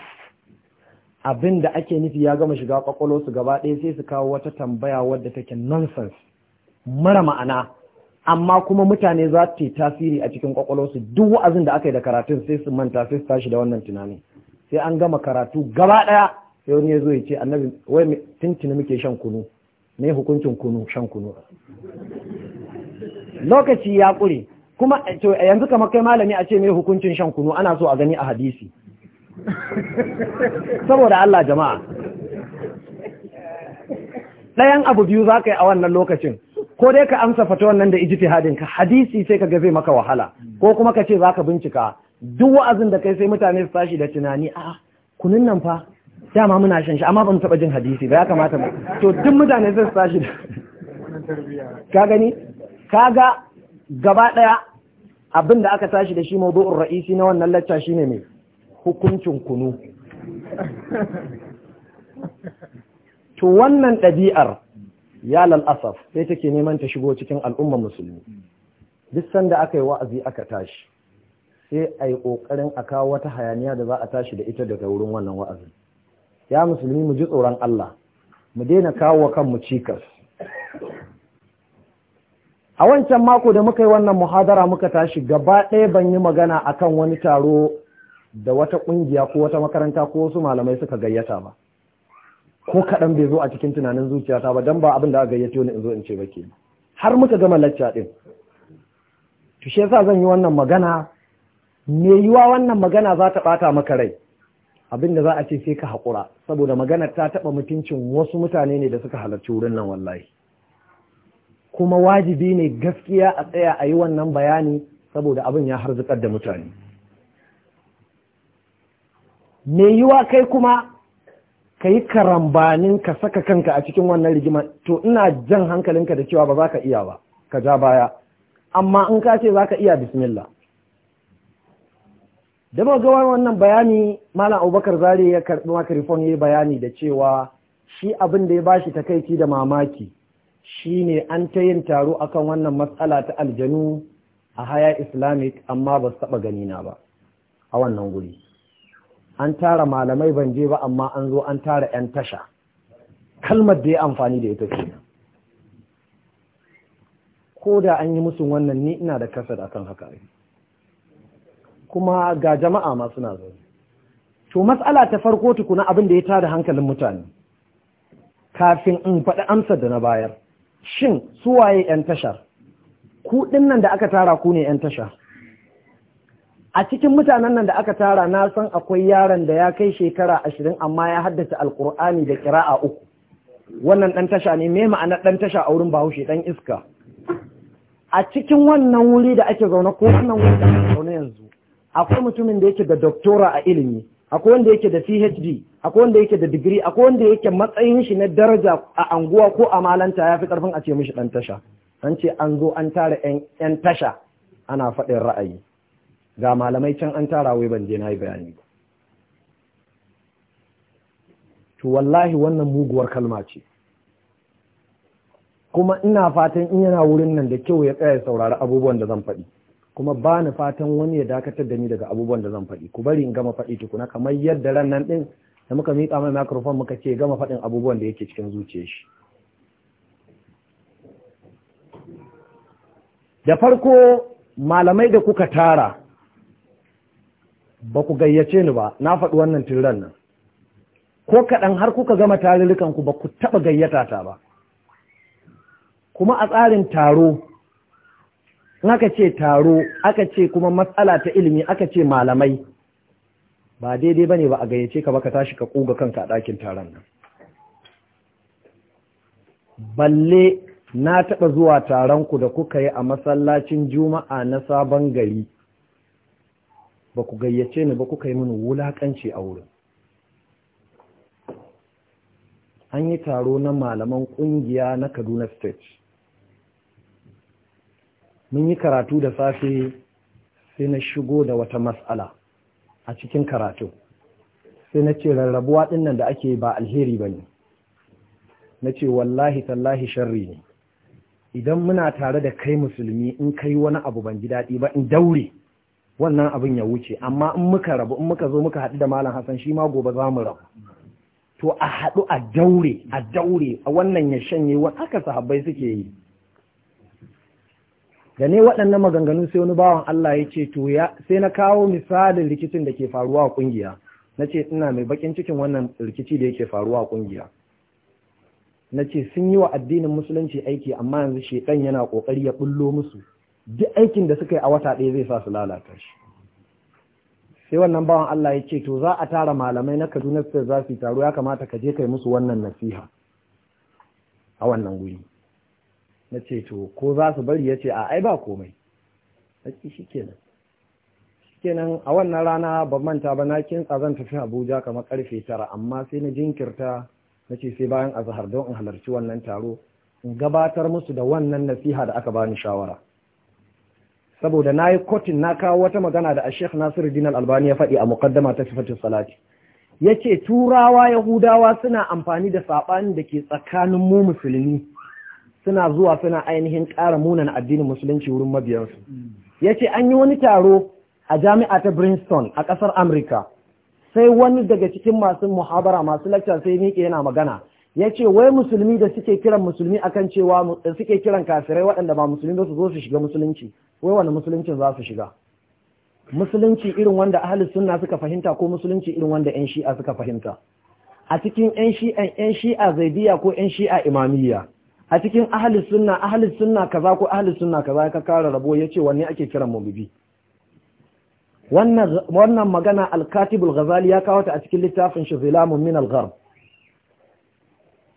abin da ake nufi ya gama shiga kwakwalo su gaba ɗaya sai su kawo wata tambaya wadda take nonsense mara ma'ana amma kuma mutane za ta yi tasiri a cikin kwakwalo su duk wa'azin da aka yi da karatun sai su manta sai su tashi da wannan tunani sai an gama karatu gaba ɗaya sai wani ya zo ya ce annabi wai tuntuni muke shan kunu me hukuncin kunu shan kunu lokaci ya ƙure kuma to yanzu kamar kai malami a ce mai hukuncin shan kunu ana so a gani a hadisi saboda Allah jama'a ɗayan abu biyu za ka yi a wannan lokacin ko dai ka amsa fata wannan da ijtihadin ka hadisi sai ka ga zai maka wahala ko kuma ka ce za ka bincika duk wa'azin da kai sai mutane su tashi da tunani a kunun nan fa dama muna shan shi amma ban mu taɓa jin hadisi ba ya kamata ba, to duk mutane sai su tashi da ka gani kaga gaba ɗaya abin da aka tashi da shi mawdu'ur ra'isi na wannan lacca shi ne mai hukuncin kunu to wannan ɗabi'ar ya lalasaf sai take neman ta shigo cikin al'ummar musulmi duk sanda aka yi wa'azi aka tashi sai a yi ƙoƙarin a kawo wata hayaniya da za a tashi da ita daga wurin wannan wa'azi. ya musulmi mu ji tsoron Allah mu daina kawo wa kanmu cikas a wancan mako da muka yi wannan muhadara muka tashi gaba ɗaya ban yi magana akan wani taro da wata ƙungiya ko wata makaranta ko wasu malamai suka gayyata ba ko kaɗan bai zo a cikin tunanin zuciyata ba don ba abin da aka gayyace wani in zo in ce ba ke har muka gama lacca ɗin to shi yasa zan yi wannan magana me yiwa wannan magana za ta ɓata maka rai Abinda za a ce sai ka haƙura saboda maganar ta taɓa mutuncin wasu mutane ne da suka halarci wurin nan wallahi kuma wajibi ne gaskiya a tsaya a yi wannan bayani saboda abin ya harzikar da mutane me yiwa kai kuma ka yi karambanin ka saka kanka a cikin wannan rigima to ina jan hankalinka da cewa ba za ka iya ba ka ja baya amma in ka ce za ka iya bismillah da ba gawa wannan bayani malam abubakar zari ya karɓi makarifon ya yi bayani da cewa shi abin da ya bashi takaici da mamaki shine an ta yin taro akan wannan matsala ta aljanu a haya islamic amma ba su taba ganina ba a wannan guri an tara malamai ban je ba amma an zo an tara 'yan tasha kalmar da ya amfani da ita ce ko da an yi musu wannan ni ina da kasar akan haka kuma ga jama'a ma suna zo to matsala ta farko tukuna abin da ya tada hankalin mutane kafin in faɗi amsar da na bayar shin suwaye 'yan tashar ku nan da aka tara ku ne 'yan tashar a cikin mutanen nan da aka tara na san akwai yaron da ya kai shekara ashirin amma ya haddace alkur'ani da kira'a uku wannan ɗan tasha ne me ma'ana ɗan tasha a wurin bahaushe ɗan iska a cikin wannan wuri da ake zaune ko wannan wuri da ake zaune yanzu akwai mutumin da yake da doktora a ilimi akwai wanda yake da PhD akwai wanda yake da digiri akwai wanda yake matsayin shi na daraja a anguwa ko a malanta yafi karfin a ce mishi dan tasha an ce an zo an tara yan tasha ana faɗin ra'ayi ga malamai can an tara wai ban je na yi bayani ba to wallahi wannan muguwar kalma ce kuma ina fatan in yana wurin nan da kyau ya tsaya saurari abubuwan da zan faɗi kuma ba ni fatan wani ya dakatar da ni daga abubuwan da zan faɗi ku bari in gama faɗi tukuna kamar yadda rannan nan ɗin da muka miƙa mai microphone muka ce gama faɗin abubuwan da yake cikin zuciyar shi da farko malamai da kuka tara ba ku gayyace ni ba na faɗi wannan tun ran nan ko kaɗan har kuka gama tarurrukan ku ba ku taɓa gayyata ta ba kuma a tsarin taro in aka ce taro aka ce kuma matsala ta ilimi aka ce malamai ba daidai ba ne ba a gayyace ka baka tashi ka ƙuga kanka a ɗakin taron nan balle na taɓa zuwa taron ku da kuka yi a masallacin juma'a na sabon gari ba ku gayyace ni ba kuka yi mini wulaƙanci a wurin an yi taro na malaman ƙungiya na kaduna state mun yi karatu da safe sai na shigo da wata matsala a cikin karatu sai na ce rarrabuwa ɗinnan da ake ba alheri ba ne na ce wallahi tallahi sharri ne idan muna tare da kai musulmi in kai wani abu ban ji daɗi ba in daure wannan abin ya wuce amma in muka rabu in muka zo muka haɗu da malam hassan shi ma gobe za mu rabu to a haɗu a daure a daure a wannan ya shanye wani haka sahabbai suke yi da ne waɗannan maganganu sai wani bawan Allah ya ce to sai na kawo misalin rikicin da ke faruwa a ƙungiya. na ce ina mai bakin cikin wannan rikici da yake faruwa a ƙungiya. na ce sun yi wa addinin musulunci aiki amma yanzu shekan yana ƙoƙari ya ɓullo musu duk aikin da suka yi a wata ɗaya zai sa su lalata shi sai wannan bawan Allah ya ce to za a tara malamai na Kaduna su za su taro ya kamata ka je kai musu wannan nasiha a wannan guri na ce to ko za su bari ya ce a ai ba komai haƙi shi kenan shi kenan a wannan rana ba manta ba na kintsa zan tafi abuja kamar karfe tara amma sai na jinkirta na ce sai bayan azahar don in halarci wannan taro in gabatar musu da wannan nasiha da aka bani shawara saboda na yi kotun na kawo wata magana da a sheikh nasiru dinar albani ya faɗi a mukaddama ta sifatin salati ya ce turawa yahudawa suna amfani da saɓanin da ke tsakanin mu musulmi suna zuwa suna ainihin ƙara munan addinin musulunci wurin mabiyansu mm. ya ce an yi wani taro a jami'a ta Brinston a ƙasar Amurka sai wani daga cikin masu muhabara masu lakta sai miƙe yana magana ya ce wai musulmi da suke kiran musulmi akan cewa suke kiran kafirai waɗanda ba musulmi ba su zo su shiga musulunci wai wani musuluncin za su shiga musulunci irin wanda ahalus sunna suka fahimta ko musulunci irin wanda yan shi'a suka fahimta a cikin yan shi'a yan shi'a zaidiya ko yan shi'a imamiyya a cikin ahalis sunna sunna kaza ko ahalis sunna kaza ka kara rabo yace wanne ake kiran mu wannan wannan magana al-katib al-ghazali ya kawo ta a cikin littafin shi zilamun min al-gharb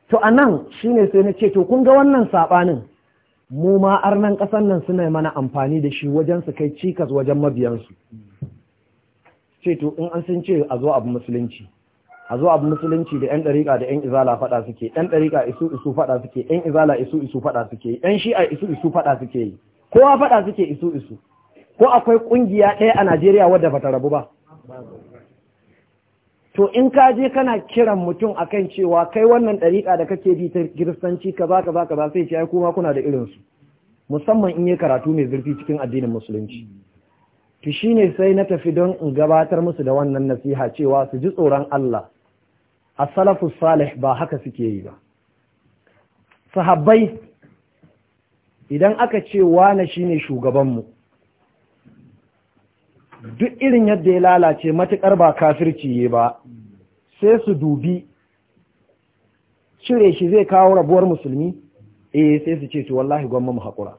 to anan shine sai na ce to kun ga wannan sabanin mu ma arnan kasan nan suna mana amfani da shi wajen su kai cikas wajen mabiyansu ce to in an sun ce a zo abu musulunci a zo abu musulunci da 'yan ɗariƙa da 'yan izala faɗa suke 'yan ɗariƙa isu isu faɗa suke 'yan izala isu isu faɗa suke 'yan shi'a isu isu faɗa suke yi kowa faɗa suke isu isu ko akwai ƙungiya ɗaya a najeriya wadda bata rabu ba to in ka je kana kiran mutum akan cewa kai wannan ɗariƙa da kake bi ta kiristanci ka ba ka sai ce kuma kuna da irin su musamman in yi karatu mai zurfi cikin addinin musulunci to shine sai na tafi don in gabatar musu da wannan nasiha cewa su ji tsoron Allah asalafu salafus salih ba haka suke yi ba sahabbai idan aka ce wane shine shugabanmu duk irin yadda ya lalace matukar ba kafirci ye ba sai su dubi cire shi zai kawo rabuwar musulmi eh sai su ce to wallahi gwamma mu hakura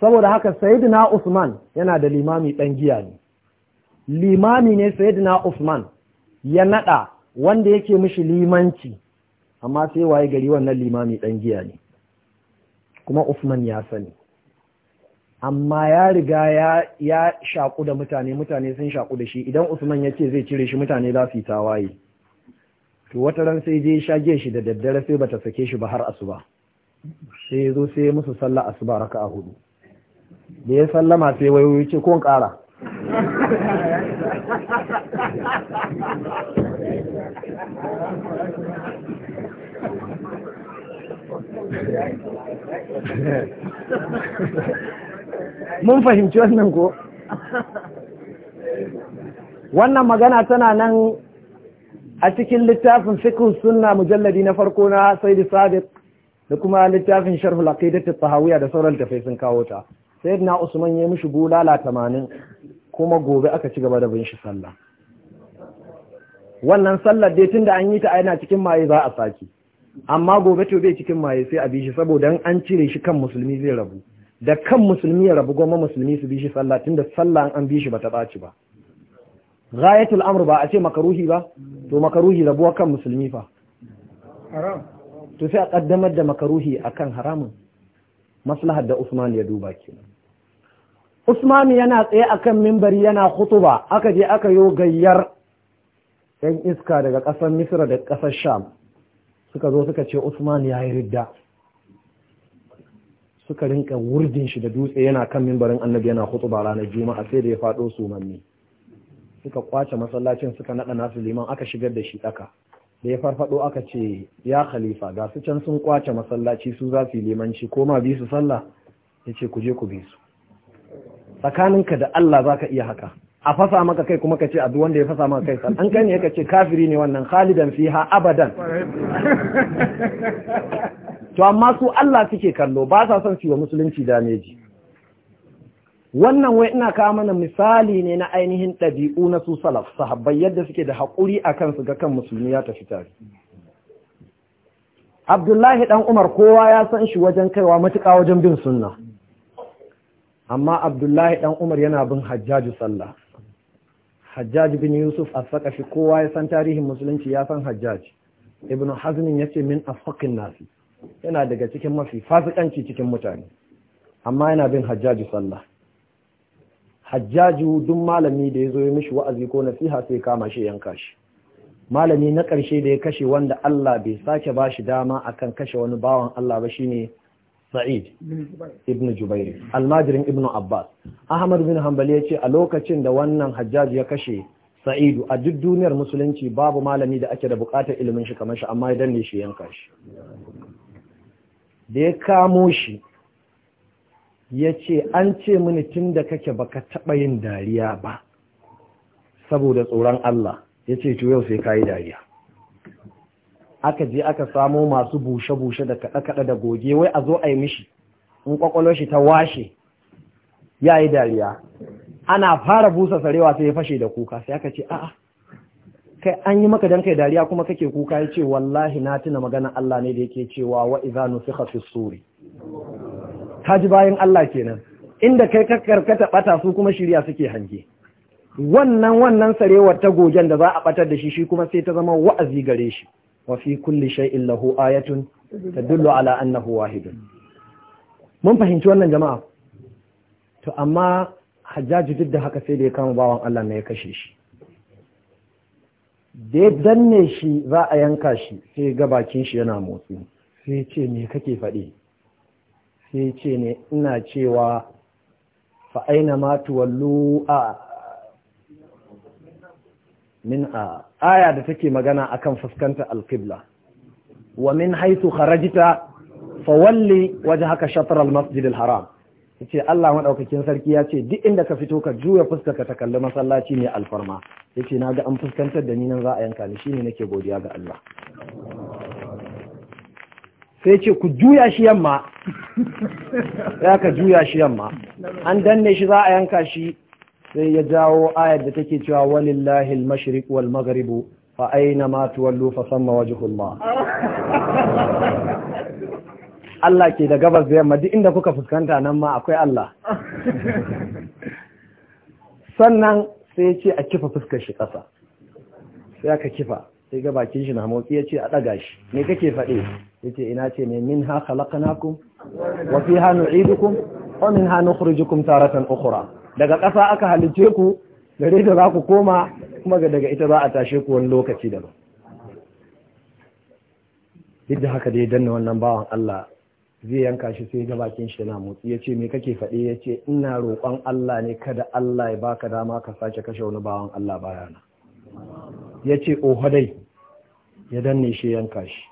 saboda haka sayyidina Usman yana da limami ɗan giya ne limami ne sayyidina Usman ya naɗa wanda yake mishi limanci amma sai waye gari wannan limami dan giya ne kuma Usman ya sani amma ya riga ya ya shaku da mutane mutane sun shaku da shi idan Usman ya ce zai cire shi mutane za su yi tawaye to wata ran sai je shage shi da daddare sai bata sake shi ba har asuba sai zo sai musu sallah asuba raka'a hudu da ya sallama sai wayoyi ce ko kara mun fahimci wannan ko wannan magana tana nan a cikin littafin fikin suna mujalladi na farko na da sadiq da kuma littafin sharhul aqidat tahawiyya da sauran tafai sun kawo ta sayyidina usman ya mishi bulala 80 kuma gobe aka ci gaba da bin shi sallah wannan sallar dai tunda an yi ta a yana cikin maye za a saki amma gobe to bai cikin maye sai a bi shi saboda an cire shi kan musulmi zai rabu da kan musulmi ya rabu goma musulmi su bi shi sallah tunda sallah an bi shi bata baci ba ghayatul amr ba a ce makaruhi ba to makaruhi rabuwa kan musulmi fa haram to sai a kaddamar da makaruhi akan haramun maslahar da Usman ya duba kenan Usman yana tsaye akan mimbari yana khutuba aka je aka yo gayyar ɗan iska daga ƙasar Misra da ƙasar Sham suka zo suka ce usman ya yi ridda suka rinka wurdin shi da dutse yana kan mimbarin annabi yana ba ranar juma'a sai da ya faɗo su manni suka kwace masallacin suka naɗa nasu liman aka shigar da shi tsaka da ya farfado aka ce ya khalifa ga su can sun kwace masallaci su za su yi limanci ko ma bi su sallah ya ce ku je ku bi su tsakaninka da Allah za ka iya haka a fasa maka kai kuma ka kace addu'a wanda ya fasa maka kai san an kai ne ce kafiri ne wannan khalidan fiha abadan to amma su Allah suke kallo ba sa son su wa musulunci dameji wannan wai ina kawo mana misali ne na ainihin ɗabi'u na su salaf sahabbai yadda suke da hakuri a kan su ga kan musulmi ya tafi tare abdullahi ɗan umar kowa ya san shi wajen kaiwa matuƙa wajen bin sunna amma abdullahi ɗan umar yana bin hajjaju sallah hajjaj bin yusuf al-Sakashi kowa ya san tarihin musulunci ya san hajjaj ibn hazm ce min afaqin nasi yana daga cikin mafi fasikanci cikin mutane amma yana bin hajjaji sallah hajjaju duk malami da ya zo ya mishi wa'azi ko nasiha sai kama shi yanka shi malami na karshe da ya kashe wanda Allah bai sake ba shi dama akan kashe wani bawan Allah ba shine sa'id ibn jubair almajirin ibn abbas ahmad bin hanbali ce a lokacin da wannan hajjaj ya kashe sa'idu a duk duniyar musulunci babu malami da ake da bukatar ilimin shi kamar shi amma ya danne shi yanka shi da ya kamo shi ya ce an ce mini tun da kake baka taɓa yin dariya ba saboda tsoron Allah ya ce to yau sai ka yi dariya aka je aka samo masu bushe-bushe da kaɗe-kaɗe da goge wai a zo a yi mishi in ƙwaƙwalwar shi ta washe ya yi dariya ana fara busa sarewa sai ya fashe da kuka sai aka ce a'a kai an yi maka dan kai dariya kuma kake kuka ya ce wallahi na tuna magana Allah ne da yake cewa wa idza nufikha fi suri ji bayan Allah kenan inda kai ka karkata bata su kuma shirya suke hange wannan wannan sarewar ta gogen da za a ɓatar da shi shi kuma sai ta zama wa'azi gare shi Wafi fi kulli lahu ayatun ta dullo ala annahu wahidun mun fahimci wannan jama'a to amma hajjaji duk da haka sai da ya kama bawan Allah na ya kashe shi da ya danne shi za a yanka shi sai ga bakin shi yana motsi sai ce me kake faɗi sai ce ne ina cewa fa'ai ma tuwallu a min a aya da take magana akan fuskanta alƙibla, wa min haythu kharajta waje wajhaka shatr almasjid alharam yace Allah madaukakin sarki ya ce duk inda ka fito ka juya fuska ka ta kalli masallaci ne alfarma yace ga an fuskantar da ni nan za a yanka ni shine nake godiya ga Allah sai ce ku juya shi yamma ya ka juya shi yamma an danne shi za a yanka shi sai ya jawo ayar da take cewa walillahi al-mashriq wal maghribu fa aina ma tuwallu fa samma wajhullah Allah ke da gabas da yamma duk inda kuka fuskanta nan ma akwai Allah sannan sai ya ce a kifa fuskar shi ƙasa sai aka kifa sai ga bakin shi na motsi ya ce a ɗaga shi me kake faɗe ya ce ina ce ne min ha khalaqnakum wa fiha nu'idukum wa minha nukhrijukum taratan ukhra daga ƙasa aka halice ku gare ta za ku koma kuma daga ita za a tashe ku wani lokaci daban duk da haka dai danna wannan bawan Allah zai yanka shi sai ga bakin shi yana motsi ya ce me kake faɗi ya ce ina roƙon Allah ne kada Allah ya baka dama ka sace kashe wani bawan Allah bayana ya ce oho dai ya danne shi yanka shi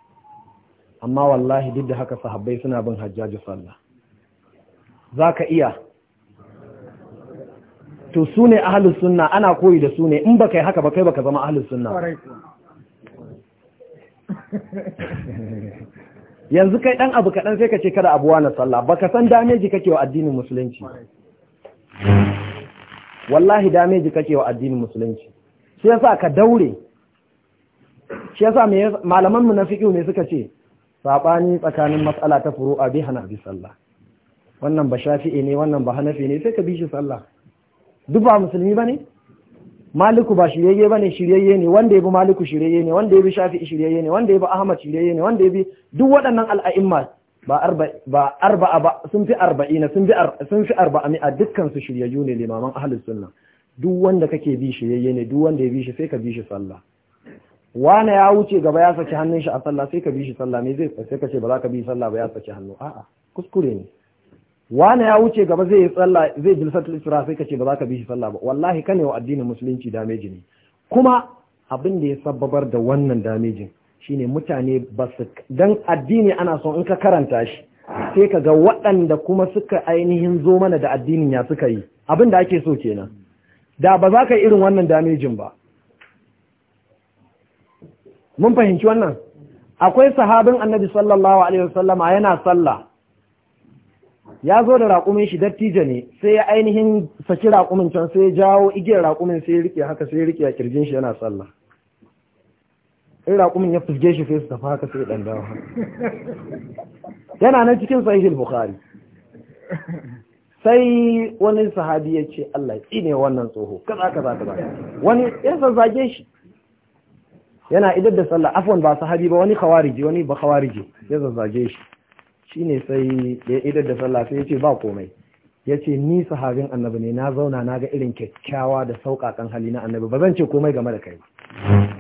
amma wallahi duk da haka sahabbai suna bin hajjaji sallah za ka iya to su ne ahalus sunna ana koyi da su ne in ba kai haka ba kai baka zama ahalus sunna yanzu kai dan abu kaɗan sai ka ce kada abuwa na sallah baka san dameji kake wa addinin musulunci wallahi dameji kake wa addinin musulunci shi yasa ka daure shi yasa malaman mu na fiqh ne suka ce Saɓani tsakanin matsala ta a bi hana bi sallah wannan ba shafi'i ne wannan ba hanafi ne sai ka bi shi sallah duk ba musulmi ba ne maliku ba shiryayye ba ne shiryayye ne wanda ya bi maliku shiryayye ne wanda ya bi shafi'i shiryayye ne wanda ya bi ahmad shiryayye ne wanda ya bi duk waɗannan al'a'imma ba arba'a ba sun fi arba'ina sun fi arba'a mi'a dukkan su shiryayyu ne limaman ahlus sunna duk wanda kake bi shiryayye ne duk wanda ya bi shi sai ka bi shi sallah wane ya wuce gaba ya saki hannun shi a sallah sai ka bi shi sallah me zai sai ka ce ba za ka bi sallah ba ya saki hannu a'a kuskure ne wani ya wuce gaba zai yi tsalla zai jilsatul isra sai ka ce ba za ka bi shi sallah ba wallahi ne wa addinin musulunci dameji ne kuma abin da ya sababar da wannan damejin shine mutane ba su dan addini ana son in ka karanta shi sai ka ga waɗanda kuma suka ainihin zo mana da addinin ya suka yi abin da ake so kenan da ba za ka yi irin wannan damejin ba mun fahimci wannan akwai sahabin annabi sallallahu alaihi wasallama yana sallah ya zo da raƙumin shi dattijo ne sai ya ainihin saki raƙumin can sai ya jawo igiyar raƙumin sai ya rike haka sai ya rike a kirjin shi yana sallah in raƙumin ya fuske shi sai su tafi haka sai ya ɗan dawo yana nan cikin sahihul bukhari sai wani sahabi ya ce Allah ya tsine wannan tsoho kaza kaza kaza wani ya zage shi yana idar da sallah afwan ba sahabi ba wani khawariji wani ba khawariji ya zage shi shine sai ya idar da sallah sai ya ce ba komai ya ce ni sahabin annabi ne na zauna na ga irin kyakkyawa da sauƙaƙan hali na annabi ba zan ce komai game da kai ba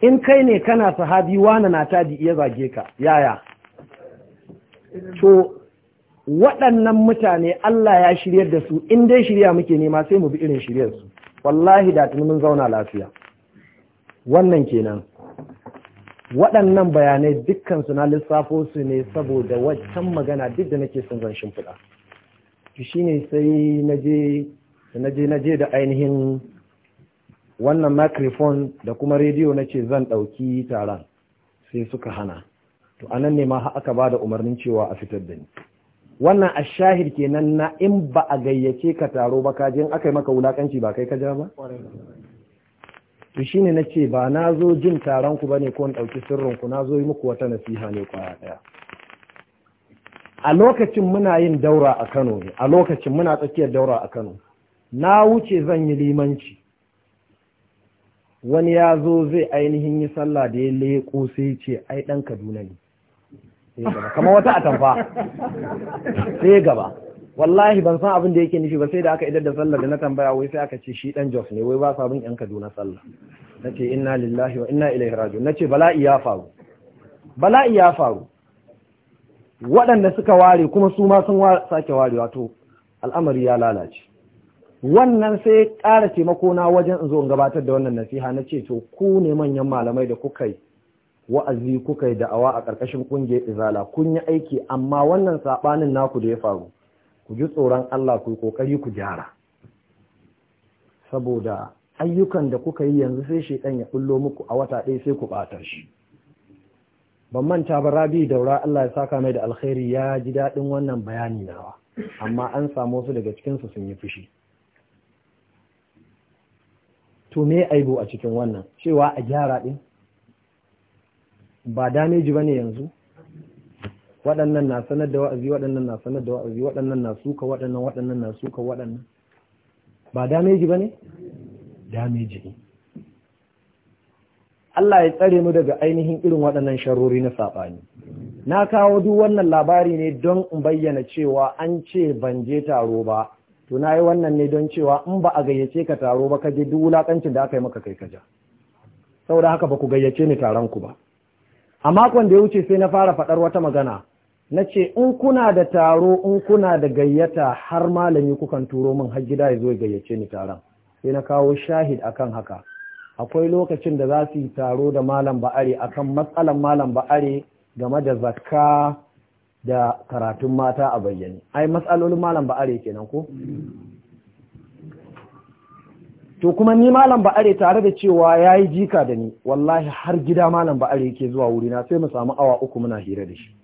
in kai ne kana sahabi wani na tadi iya zage ka yaya to waɗannan mutane Allah ya shiryar da su in dai shirya muke nema sai mu bi irin shiryar su wallahi da tuni mun zauna lafiya wannan kenan waɗannan bayanai dukkansu na lissafo su ne saboda waccan magana duk da nake son zan shimfiɗa shi ne sai na je da ainihin wannan microphone da kuma rediyo na ce zan ɗauki taron sai suka hana to a nan ne ma aka ba da umarnin cewa a fitar da ni wannan a shahid kenan na in ba a gayyace ka taro ba ka je aka yi maka wulakanci ba kai ka ja ba to shine nace ba na zo jin taron ku bane ko in dauki sirrin ku na zo yi muku wata nasiha ne kwaya daya a lokacin muna yin daura a Kano ne a lokacin muna tsakiyar daura a Kano na wuce zan yi limanci wani ya zo zai ainihin yi sallah da ya leko sai ce ai dan Kaduna ne sai gaba kamar wata atamfa sai gaba wallahi ban san abin da yake nufi ba sai da aka idar da sallah da na tambaya wai sai aka ce shi dan Jos ne wai ba sa bin yan Kaduna sallah nace inna lillahi wa inna ilaihi raji nace bala'i ya faru bala'i ya faru waɗanda suka ware kuma su ma sun sake ware wato al'amari ya lalace wannan sai ƙara taimako na wajen in zo in gabatar da wannan nasiha na ce to ku ne manyan malamai da kuka yi wa'azi kuka yi da'awa a ƙarƙashin ƙungiyar izala kun yi aiki amma wannan saɓanin naku da ya faru ku ji tsoron Allah ku yi kokari ku gyara saboda ayyukan da kuka yi yanzu sai shekan ya bullo muku a wata ɗaya sai ku ɓata shi ban manta ba rabi daura Allah ya saka mai da alkhairi ya ji daɗin wannan bayani nawa amma an samu su daga cikinsu sun yi fushi to me aibu a cikin wannan cewa a gyara ɗin ba dameji ba ne yanzu waɗannan na sanar da wa'azi waɗannan na sanar da wa'azi waɗannan na suka waɗannan waɗannan na suka waɗannan ba dameji ba ne? dameji Allah ya tsare mu daga ainihin irin waɗannan sharori na saɓani. Na kawo duk wannan labari ne don in bayyana cewa an ce ban je taro ba, to na yi wannan ne don cewa in ba a gayyace ka taro ba ka je duk wulaƙancin da aka yi maka kai ka kaja. Saboda haka ba ku gayyace ni taron ku ba. A makon da ya wuce sai na fara faɗar wata magana, na ce in kuna da taro in kuna da gayyata har malami kukan turo min har gida ya zo ya gayyace ni taron sai na kawo shahid akan haka akwai lokacin da za su yi taro da malam ba'are akan matsalan malam ba'are game da zakka da karatun mata a bayyane ai matsalolin malam ba'are kenan ko to kuma ni malam ba'are tare da cewa yayi jika da ni wallahi har gida malam ba'are yake zuwa wurina sai mu samu awa uku muna hira da shi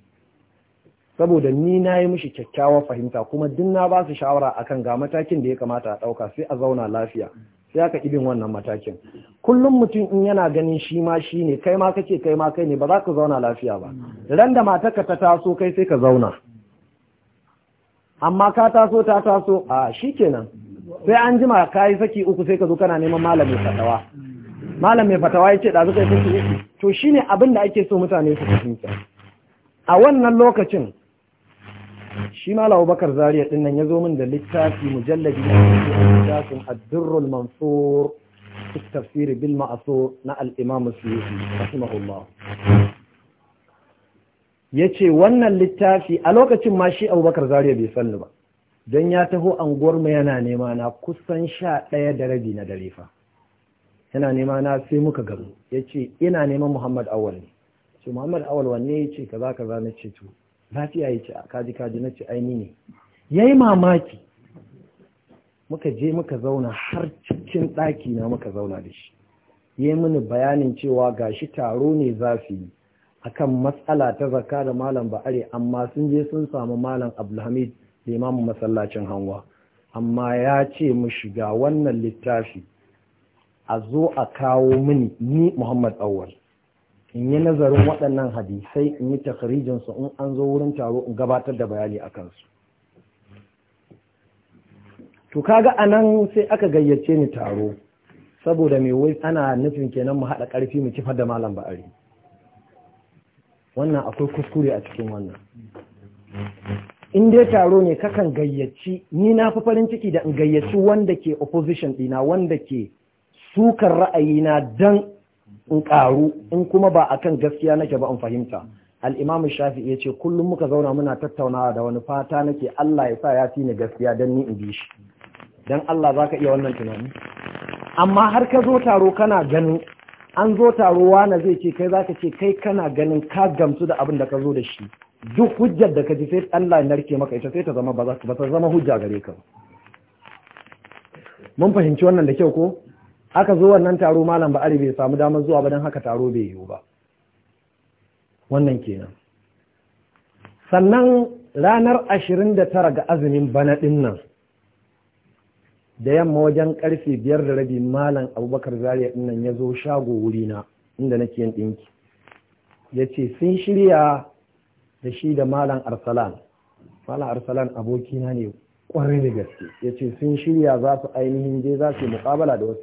saboda ni na yi mishi kyakkyawar fahimta kuma duk na ba su shawara akan ga matakin da ya kamata a ɗauka sai a zauna lafiya sai aka ibin wannan matakin kullum mutum in yana ganin shi ma shi ne kai ma kake kai ma kai ne ba za ka zauna lafiya ba ran da ka ta taso kai sai ka zauna amma ka taso ta taso a kenan sai an jima ka yi saki uku sai ka zo kana neman malamin fatawa malamin fatawa ya ce da ka yi to shine abin da ake so mutane su fahimta a wannan lokacin shi ma Bakar Zariya din nan ya zo min da littafi mujalladi na littafin Ad-Durrul Mansur fi tafsir bil ma'sur na al-Imam Suyuti rahimahullah yace wannan littafi a lokacin ma shi Abubakar Zariya bai sanni ba don ya taho anguwar mu yana nema na kusan sha ɗaya da rabi na dare fa yana nema na sai muka Ya yace ina neman Muhammad Awal ne ce Muhammad Awal wanne yace kaza kaza na ce to lafiya ya ce kaji kaji na ce aini ne ya yi mamaki muka je muka zauna har cikin ɗaki na muka zauna da shi ya yi mini bayanin cewa ga shi taro ne za su yi akan matsala ta zakka da malam Ba'ari, amma sun je sun samu malam abdulhamid da limamin masallacin hanwa amma ya ce mu shiga wannan littafi a zo a kawo mini ni muhammad awwal in yi nazarin waɗannan hadisai in yi takarijinsu in an zo wurin taro in gabatar da bayani a kansu to kaga a nan sai aka gayyace ni taro saboda mai wai ana nufin kenan mu haɗa ƙarfi mu kifar da malam ba'ari wannan akwai kuskure a cikin wannan in dai taro ne kakan gayyaci ni na fi farin ciki da in gayyaci wanda ke opposition ɗina wanda ke sukar ra'ayina don in ƙaru in kuma ba akan gaskiya nake ba in fahimta al'imamu shafi ya ce kullum muka zauna muna tattaunawa da wani fata nake Allah ya sa ya fi ni gaskiya don ni in bi shi don Allah za ka iya wannan tunani amma har ka zo taro kana ganin an zo taro wana zai ce kai za ka ce kai kana ganin ka gamsu da abin da ka zo da shi duk hujjar da ka ji sai Allah ya narke maka ita sai ta zama ba ta zama hujja gare ka mun fahimci wannan da kyau ko aka zo wannan taro malam ba bai samu damar zuwa ba don haka taro bai yiwu ba wannan kenan sannan ranar 29 ga azumin bana dinnan, da yamma wajen karfe biyar da rabi malam abubakar zariya dinnan nan ya zo shago wurina inda nake yin ɗinki ya ce sun shirya da shi da malam arsalan malam arsalan abokina ne kwarai da gaske ya ce sun shirya za su ainihin je za su yi muƙabala da wasu